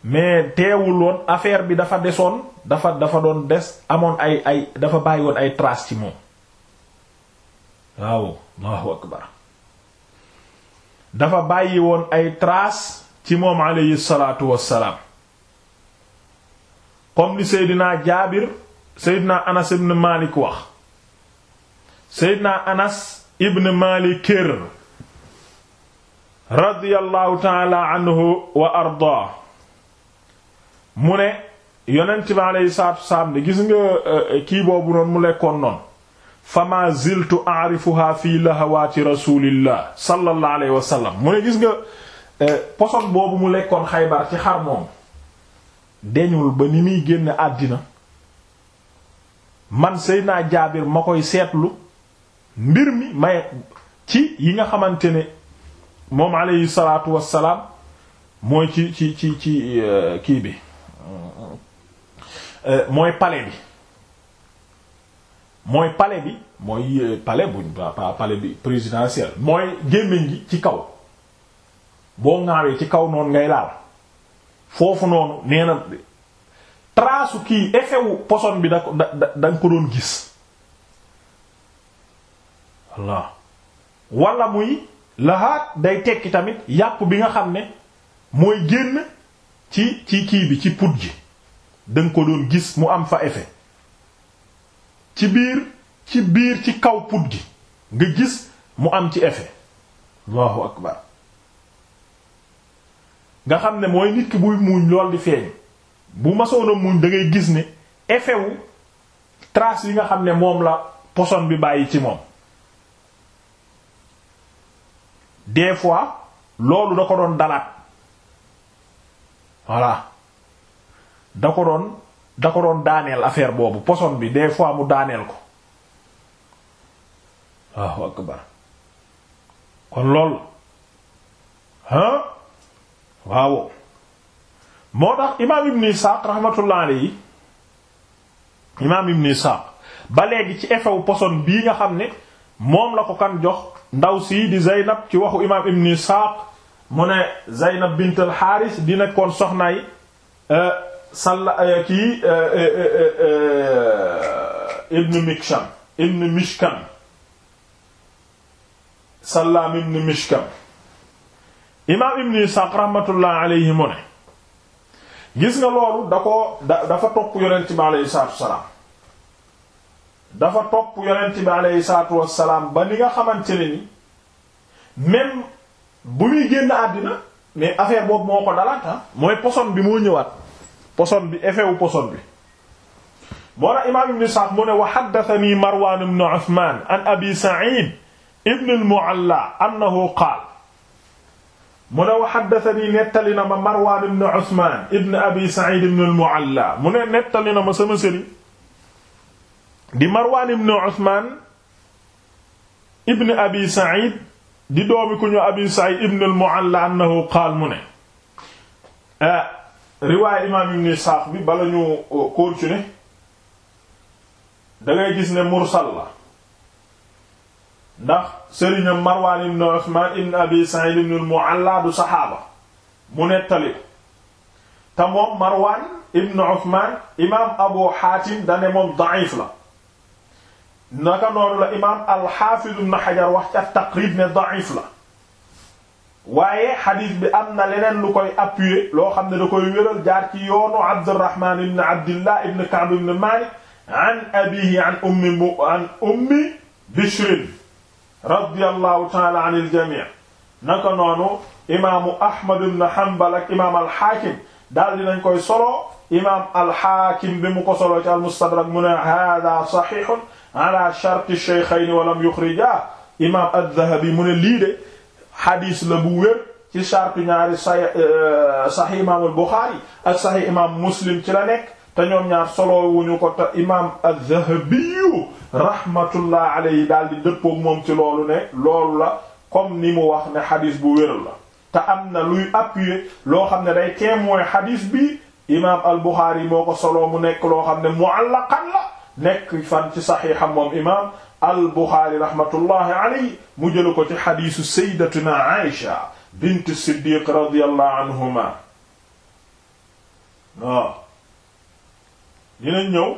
mais teewul woon affaire bi dafa desoon dafa dafa doon des amoon ay ay dafa bàyyi woon ay traces ci moom waaw Allahu akbar dafa bàyyi woon ay traces ci moom alayhi salaatu wassalaam comme li Seydina Jaabir Seydina Anas ibn Malik wax Seydina Anas ibn Malik radiyallahu ta'ala anhu wa ardaa mu ne yonent bi alayhi salaatu wasalaam de gis nga euh, kii boobu noonu mu lekkoon noonu fama ziltu a'rifuha fii lahawaati rasulillah sallallahu alayhi wa sallam mu ne gis nga euh, poson boobu mu lekkoon xaybar ci xar moom deñul ba ni muy génn àddina man Seydina Jaabir ma koy seetlu mbir mi may ci yi nga xamante ne moom alayhi salaatu wassalaam mooy ci ci ci ci euh, kii bi Euh, mooy pale bi mooy pale bi mooy euh, pale buñ pas bi présidentiel mooy gémmiñ gi ci kaw boo ŋaawee ci kaw noonu ngay laal foofu noonu nee na trasu kii effet wu poson bi da ko da da nga ko doon gis walla muy lahaat day tekki tamit yàpp bi nga xam ne mooy génn ci ci kii bi ci put ji danga ko doon gis mu am fa effet ci biir ci biir ci kaw put gi nga gis mu am ci effet allahu akbar nga xam ne mooy nit ki buy muuñ lool di feeñ bu masoon a muuñ da gis ni effet tras yi nga xam ne moom la poson bi bàyyi ci moom des fois loolu da ko doon dalaat voilà da ko doon da ko doon daaneel affaire boobu poson bi des fois mu daaneel ko waaw akbar kon lool ah waaw moo tax imaam ibn Isaaq rahmatullah alayhi imaam ibn Isaaq ba léegi ci effet poson bii nga xam ne moom la ko kan jox ndaw sii di Zeynab ci waxu imaam ibn Isaaq mu ne Zeynab bint al Haaris di nekkoon soxnaay. Euh, salla euh, kii euh, euh, ibn Miksham ibn Mishkam Sallaam ibn Mishkam imaam ibn Isaaq rahmatullah alayhi mu ne gis nga loolu da ko da dafa topp yonent bi aleyhi salaatu dafa topp yonent bi aleyhi salaatu ba ni nga xamante ne ni même bu muy génn àddina mais affaire boobu moo ko dalaata ah, mooy poson bi moo ñëwaat poson bi effet wu poson bi moo na imaam ibn Sa'd mu wa haddathani Marwan ibn Abi Sa'id ibn al-Mu'alla annahu na ma Marwan ibn Uthman ibn Abi di Marwan ibn Abi Sa'id di doomi ku Abi Sa'id ibn al-Mu'alla annahu qaala mu riwaay imaam ibn Isaaq bi bala ñu uh, continuer da ngay gis ne mursal la ndax sëriñam Marwaan ibn Usmaan ibn Abi Sa'id ibn al-Mu'alla du saxaaba mu nettali te moom Marwaan ibn Usmaan imaam Abu Haatim da ne la naka noonu la imaam al-Haafiz ibn wax ca Taqrib ne da'if la waaye xadiis bi am na leneen lu koy appuyer loo xam ne da koy wéral jaar ci yoonu Abdurrahman ibn Abdillah ibn Ka'b ibn Malik an abihi an ummi an ummi Bishrin radiyallahu ta'ala anil jami' naka noonu imaamu Ahmad ibn Hanbal ak imaam al-Hakim daal dinañ koy solo imaam al-Hakim bi mu ko solo ci al-Mustadrak mu ne haaza sahihun ala sharti ash-shaykhayn wa lam yukhrijah imaam ad-Dhahabi mu ne lii de xadiis la bu wér ci shartu ñaari saxi euh, imaamul Buxaari ak saxi imaam Muslim ci la nekk te ñoom ñaar solo wuñu ko te imaam az-Zahabi rahmatullah alayhi daal di dëppook moom ci loolu ne loolu la comme ni mu wax ne xadiis bu wér la te am na luy appuyer loo xam ne day témoin xadiis bi imaam al-Buxaari moo ko solo mu nekk loo xam ne mu'allaqan la nekk fan ci saxiixam moom imaam al-Buxaari rahmatullahi alayhi mu jël ko ci xadiisu sayyidatuna Aïsha bint Siddiq radiyallahu anhuma waaw dinañ ñëw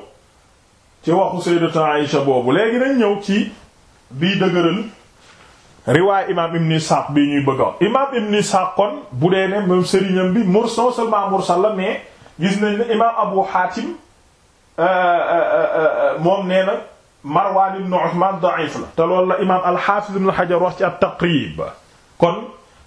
ci waxu sayyidatuna Aïsha boobu léegi nañ ñëw ci bii dëgëral riwaay imaam ibn Isaaq bii ñuy bëgg a imaam ibn Isaaq bu dee ne moom sëriñam bi murs non seulement mursal gis nañ ne imaam Abu Haatim euh, euh, euh, moom nee na Marwan ibn Uthman da'if la te loolu la imaam al-Hafiz ibn Hajar wax ci at-Taqrib kon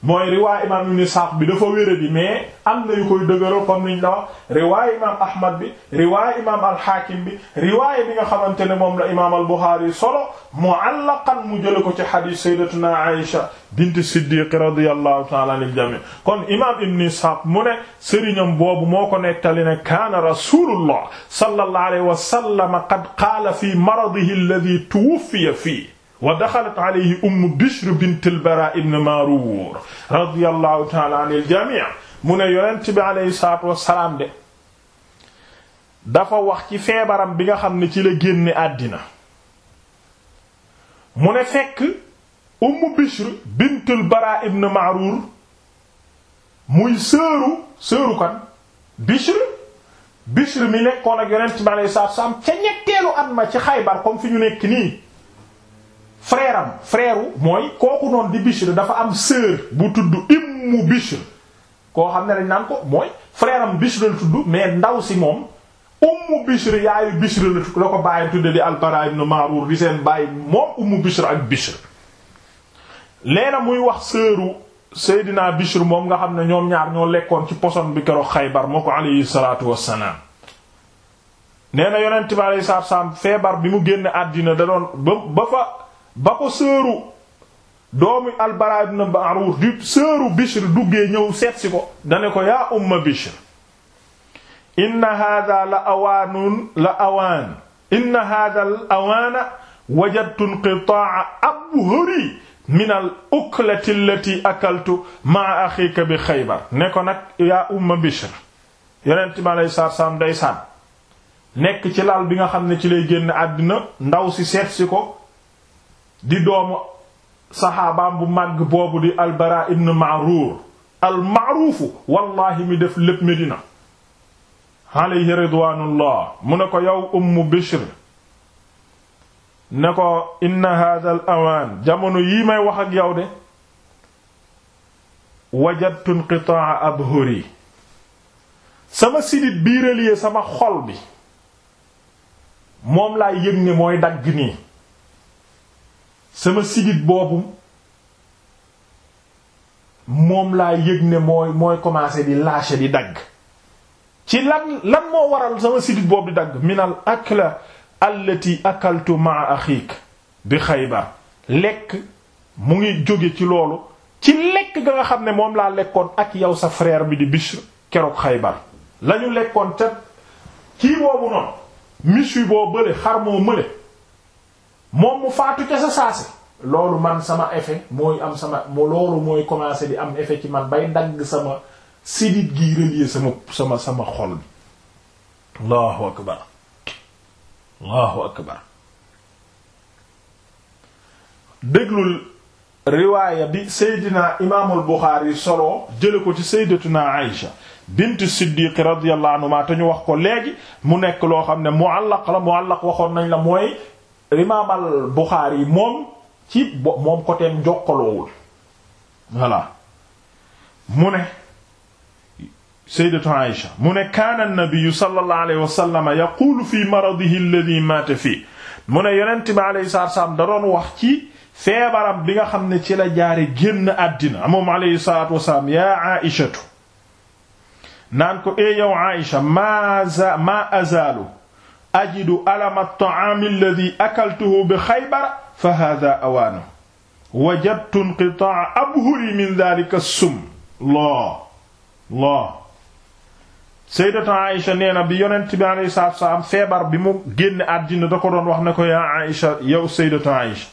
mooy riwaay imaam ibn Sa'd bi dafa wéradi mais am na yu koy dëgëral comme niñ la wax riwaay imaam Ahmad bi riwaay imaam al-Hakim bi riwaay bi nga xamante ne moom la imaam al-Bukhari solo mu'allaqan mu jële ko ci hadith sayyidatuna Aisha bint Siddiq radiyallahu ta'ala anil jami' kon imaam ibn Sa'd mu ne sëriñam boobu moo ko nettali ne kaana rasulullah sallallahu alayhi wa sallam qad qaala fi maradihi alladhi tuwuffiya fihi wa daxalat alayhi ummu Bishr bint al-Bara ibn Marur radiyallahu ta'ala anil jami' mu ne yonent bi alayhi salaatu de dafa wax ci feebaram bi nga xam ne ci la génne àddina mu ne fekk ummu Bishr bint al ibn Marur muy sëru sëru kan Bishr Bishr mi nekkoon ak yonent bi alayhi salaatu ca ñetteelu at ci Xaybar comme fi ñu nekk nii frère am frère mooy kooku noonu di Bishr dafa am sœur bu tudd Ummu Bishr koo xam ne dañ naan ko mooy frère am Bishr la tudd mais ndaw si moom Ummu Bishr yaayu Bishr la bàyyi tudde di Al-Bara ibn Ma'rur di seen ak Bishr leena muy wax sëru Seydina Bishr moom nga xam ne ñoom ñaar ñoo lekkoon ci poson bi keroog Xaybar moo ko alayhi salaatu wassalaam nee na yonent bi alayhi salaatu wassalaam feebar bi mu génn àddina da doon ba ba fa ba ko sëru doomu Al-Bara ibn di sëru Bishr duggee ñëw seetsi ko dane ko yaa umma Bishr inna hadha la awaanun la awaan inna hadha al awaana wajadtu inqitaa'a abhari min al uklati allati akaltu ma'a akhika bi Khaybar ne ko nag yaa umma Bishr yonent bi alayhi salaatu nekk ci lal bi nga xam ne ci lay génn àddina ndaw si seetsi ko di doomu saxaabaam bu màgg boobu di albara ibn maaruur almaaruufu wallahi mi def lépp Medina alayhi ridwaanullah mu ne ko yow ummu Bishr ne ko inna hadha awaan jamono yii may wax ak yow de wajadtu inqitaa abhuri sama sidit biiraliee sama xol bi moom laa yëg ne mooy dagg nii sama sidit boobu moom laa yëg ne mooy mooy commencer di lâcher di dagg ci lan lan moo waral sama sidit boobu di dagg minal akla allati akaltu maa axiik bi xaybar lekk mu ngi jóge ci loolu ci lekk ga nga xam ne moom laa lekkoon ak yow sa frère bi di Bishr keroog xaybar lañu lekkoon ca kii boobu noonu miss wi boo bële xar moo mële moom mu faatu ca sa saase loolu man sama effet mooy am sama loolu mooy commencé di am effet ci man bay dagg sama sidit gi relier sama sama sama xol bi allahu akbar allahu akbar déglul riwaaya bi seydina imaamul buxaari solo jële ko ci seydatuna aïsha bint siddiq radiyallahu anhuma te ñu wax ko léegi mu nekk loo xam ne muallaq la muallaq waxoon nañ la mooy imaam al Buxaari moom ci moom côtéem jokkaloowul voilà mu ne sayyidatu Aïsha mu ne kaana an-nabiyyu sallallahu alayhi wa sallam fi maradihi alladhi maata fii mu ne yonent salaam da doon wax ci feebaram bi nga xam ne ci la jaare genn àddina moom alayhi salaatu wasalaam yaa naan ko e yow Aïsha azaalu ajidu alama at-ta'aam alladhi akaltuhu bi Khaybar fa hadha awaanu wajadtu inqitaa'a abhuri min dhalika as-sum Allah Allah Sayyidatu Aïsha nee na bi yonent bi alayhi salaatu wa salaam feebar bi mu génn àddina da ko doon wax ne ko yaa Aïsha yow Sayyidatu Aïsha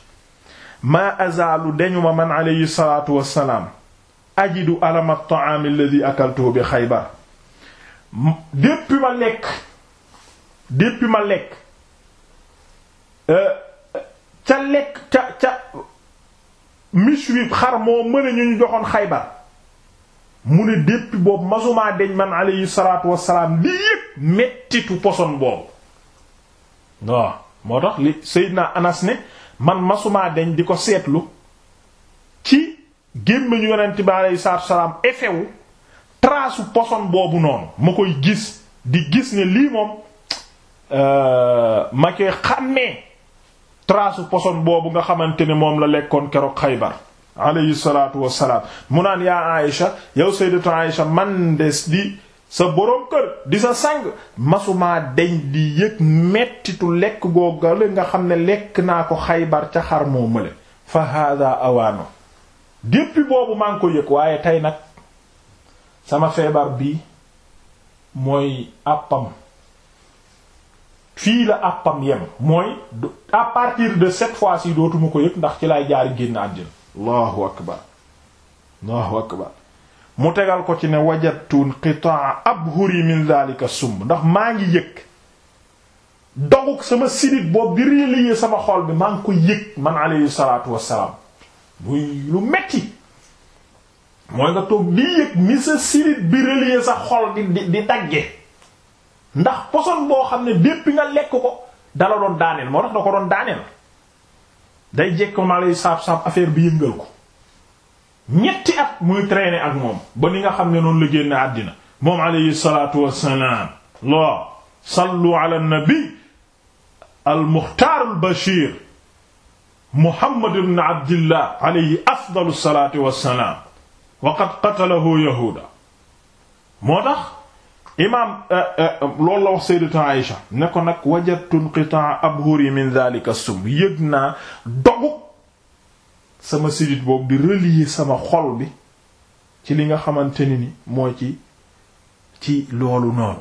maa azaalu dañu ma man alayhi salaatu wa salaam ajidu alama at-ta'aam alladhi akaltuhu bi Khaybar depuis ma lekk depuis ma lekk euh, ca lekk ca ca miswi xar moo mën a ñu ñu joxoon xaybar mu ne depuis boobu masumaa deñ man alayhi salaatu wassalaam li yépp mettitu poson boobu waaw moo tax li Seydina Anas ne man masumaa deñ di ko seetlu ci gémmiñu yonent bi alayhi salaatu wassalaam efewu trasu poson boobu noonu ma koy gis di gis ne lii moom Euh, ma cee xàmmee trace poson boobu nga xamante ne moom la lekkoon keroog Xaybar alayhi salaatu wassalaam mu naan yaa Aïcha yow sayyidatu Aïcha man des di sa boroom kër di sa sang masumaa deñ di yëg mettitu lekk googale nga xam ne lekk naa ko Xaybar ca xar moo mële fa hada awaano depuis boobu maa ngi ko yëg waaye tey nag sama feebar bi mooy appam fii la àppam yem mooy à de cette fois yi dootuma ko yëg ndax ci lay jaari génn àddina allahu akbar allahu akbar mu tegal ko ci ne wajatu inqitaa abhuri min dhalika sumb ndax maa ngi yëg doguk sama sidit boobu di relier sama xol bi maa ngi ko yëg man alayhi salaatu wassalaam buy lu metti mooy nga toog di yëg ni sa sidit bi relier sa xol di di dagge ndax poson boo xam ne bépp nga lekk ko dala doon daaneel moo tax da ko doon daaneel day jekk ma saab-saab affaire bi yëngal ko ñetti at muy traîner ak moom ba ni nga xam ne noonu la génn àddina moom alayhi salaatu wassalaam la sallu ala nabi al muxtaar al muhammad ibn abdillah alayhi afdalu salaatu wassalaam wa qad qatalahu yahuuda moo tax imaam euh, euh, loolu la wax sayyidatu Aïsha ne ko nag wajadtu inqitaa abhuri min dhalika sum yëg naa dogu sama sidit boobu di relier sama xol bi ci li nga xamante ni ni mooy ci ci loolu noonu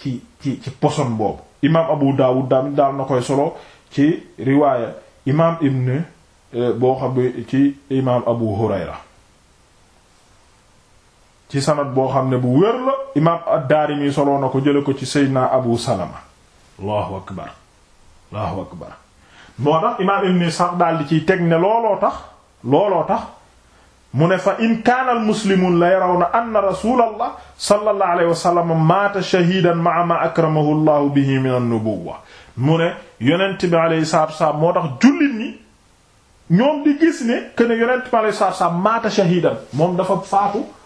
ci ci ci poson boobu imaam Abu Dawud daal daal na koy solo ci riwaaya imaam ibn euh, boo xam ci imaam Abu Hurayra ci sanad boo xam ne bu wér la imaam ad-Daarimi soloo ko jële ko ci Seydina Abu Salama allahu akbar allahu akbar moo tax imaam Ibn Ishaq daal di ci teg ne looloo tax looloo tax mu ne fa in kaana al-muslimuun la yarawna anna rasuulallah sallallahu alayhi wa sallam maata shahiidan ma'a maa akramahu allahu bihi min an-nubuwwa mu ne yonent bi alayhi moo tax jullit ñi ñoom di gis ne que ne yonent bi alayhi salaatu wa salaam maata shahiidan moom dafa faatu.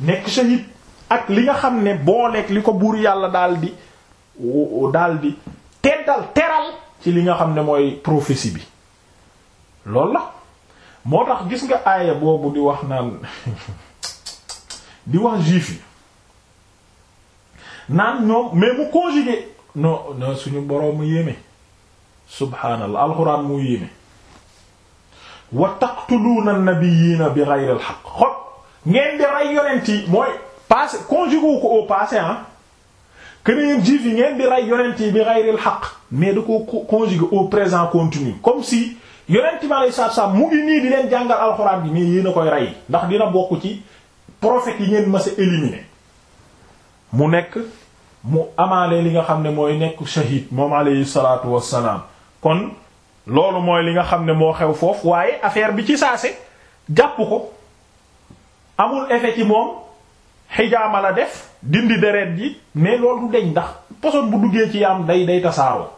nekk shahid ak li nga xam ne booleeg li ko buur yàlla daal di daal di teddal teral ci li nga xam ne mooy prophétie bi lool la moo tax gis nga aaya boobu di wax naan di wax juif yi naan ñoom mais mu conjugué non non suñu boroom mu yéeme subhaanallah alxuraan mu yéeme wa taqtuluuna an-nabiyyiina bi ghayril haqq ngeen di rey yonent yi mooy passé conjugué ko au passé ah que ne yéen juif yi ngeen di rey yonent yi bi ghayril haqq mais du ko conjugué au présent continu comme si yonent bi sa salaatu salaam mu ngi nii di leen jàngal alxuraan bi mais yéen a koy rey ndax dina bokk ci prophètes yi ngeen mës a mu nekk mu amaale li nga xam ne mooy nekk shahid moom alayhi salaatu wassalaam kon loolu mooy li nga xam ne moo xew foofu waaye affaire bi ci saase jàpp ko. amul effet ci moom xijaama la def dindi deret ji mais loolu du deñ ndax poson bu duggee ci yaam day day tasaaroo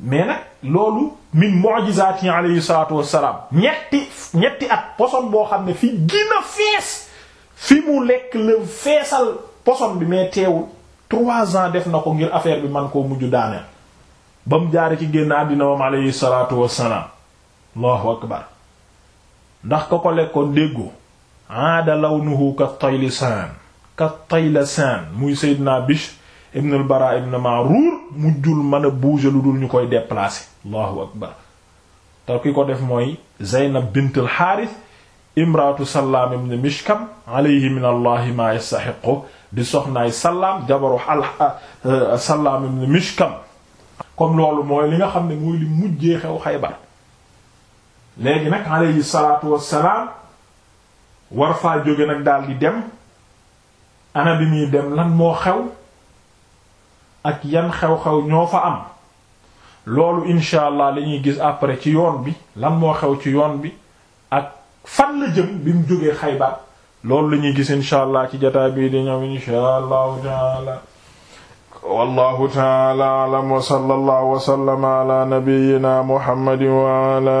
mais nag loolu min mu'jizati alayhi salatu wassalam ñetti ñetti at poson boo xam ne fi gën fees fi mu lekk la feesal poson bi mais teewul trois ans def na ko ngir affaire bi man koo mujj daaneel ba mu jaare ci génn àddina moom alayhi salatu wassalam allahu akbar ndax ko ko lekkoon déggoo aada lawnuhu ka taylisaan ka taylisaan muy Seydina Bishr ibn al-Bara ibn Ma'rur mujjul mën a bouger lu dul ñu koy déplacer allahu akbar te ki ko def mooy Zeynab bint al-Harith imratu Sallaam ibn Mishkam alayhi min allahi ma yastahiqu di soxnaay Sallaam jabaru al euh, Sallaam ibn Mishkam comme loolu mooy li nga xam ne mooy li mujjee xew Xaybar léegi nag alayhi salaatu wassalaam war faa jóge nag daldi dem ana bi muy dem lan moo xew ak yan xew-xew ñoo fa am loolu incha allah li ñuy gis après ci yoon bi lan moo xew ci yoon bi ak fan la jëm bi mu jógee Xaybar loolu li ñuy gis incha allah ci jotaay bii di ñëw incha allahu taala wallahu taala alam wa sallallahu wa sallama ala nabiyyina muhammadin wa ala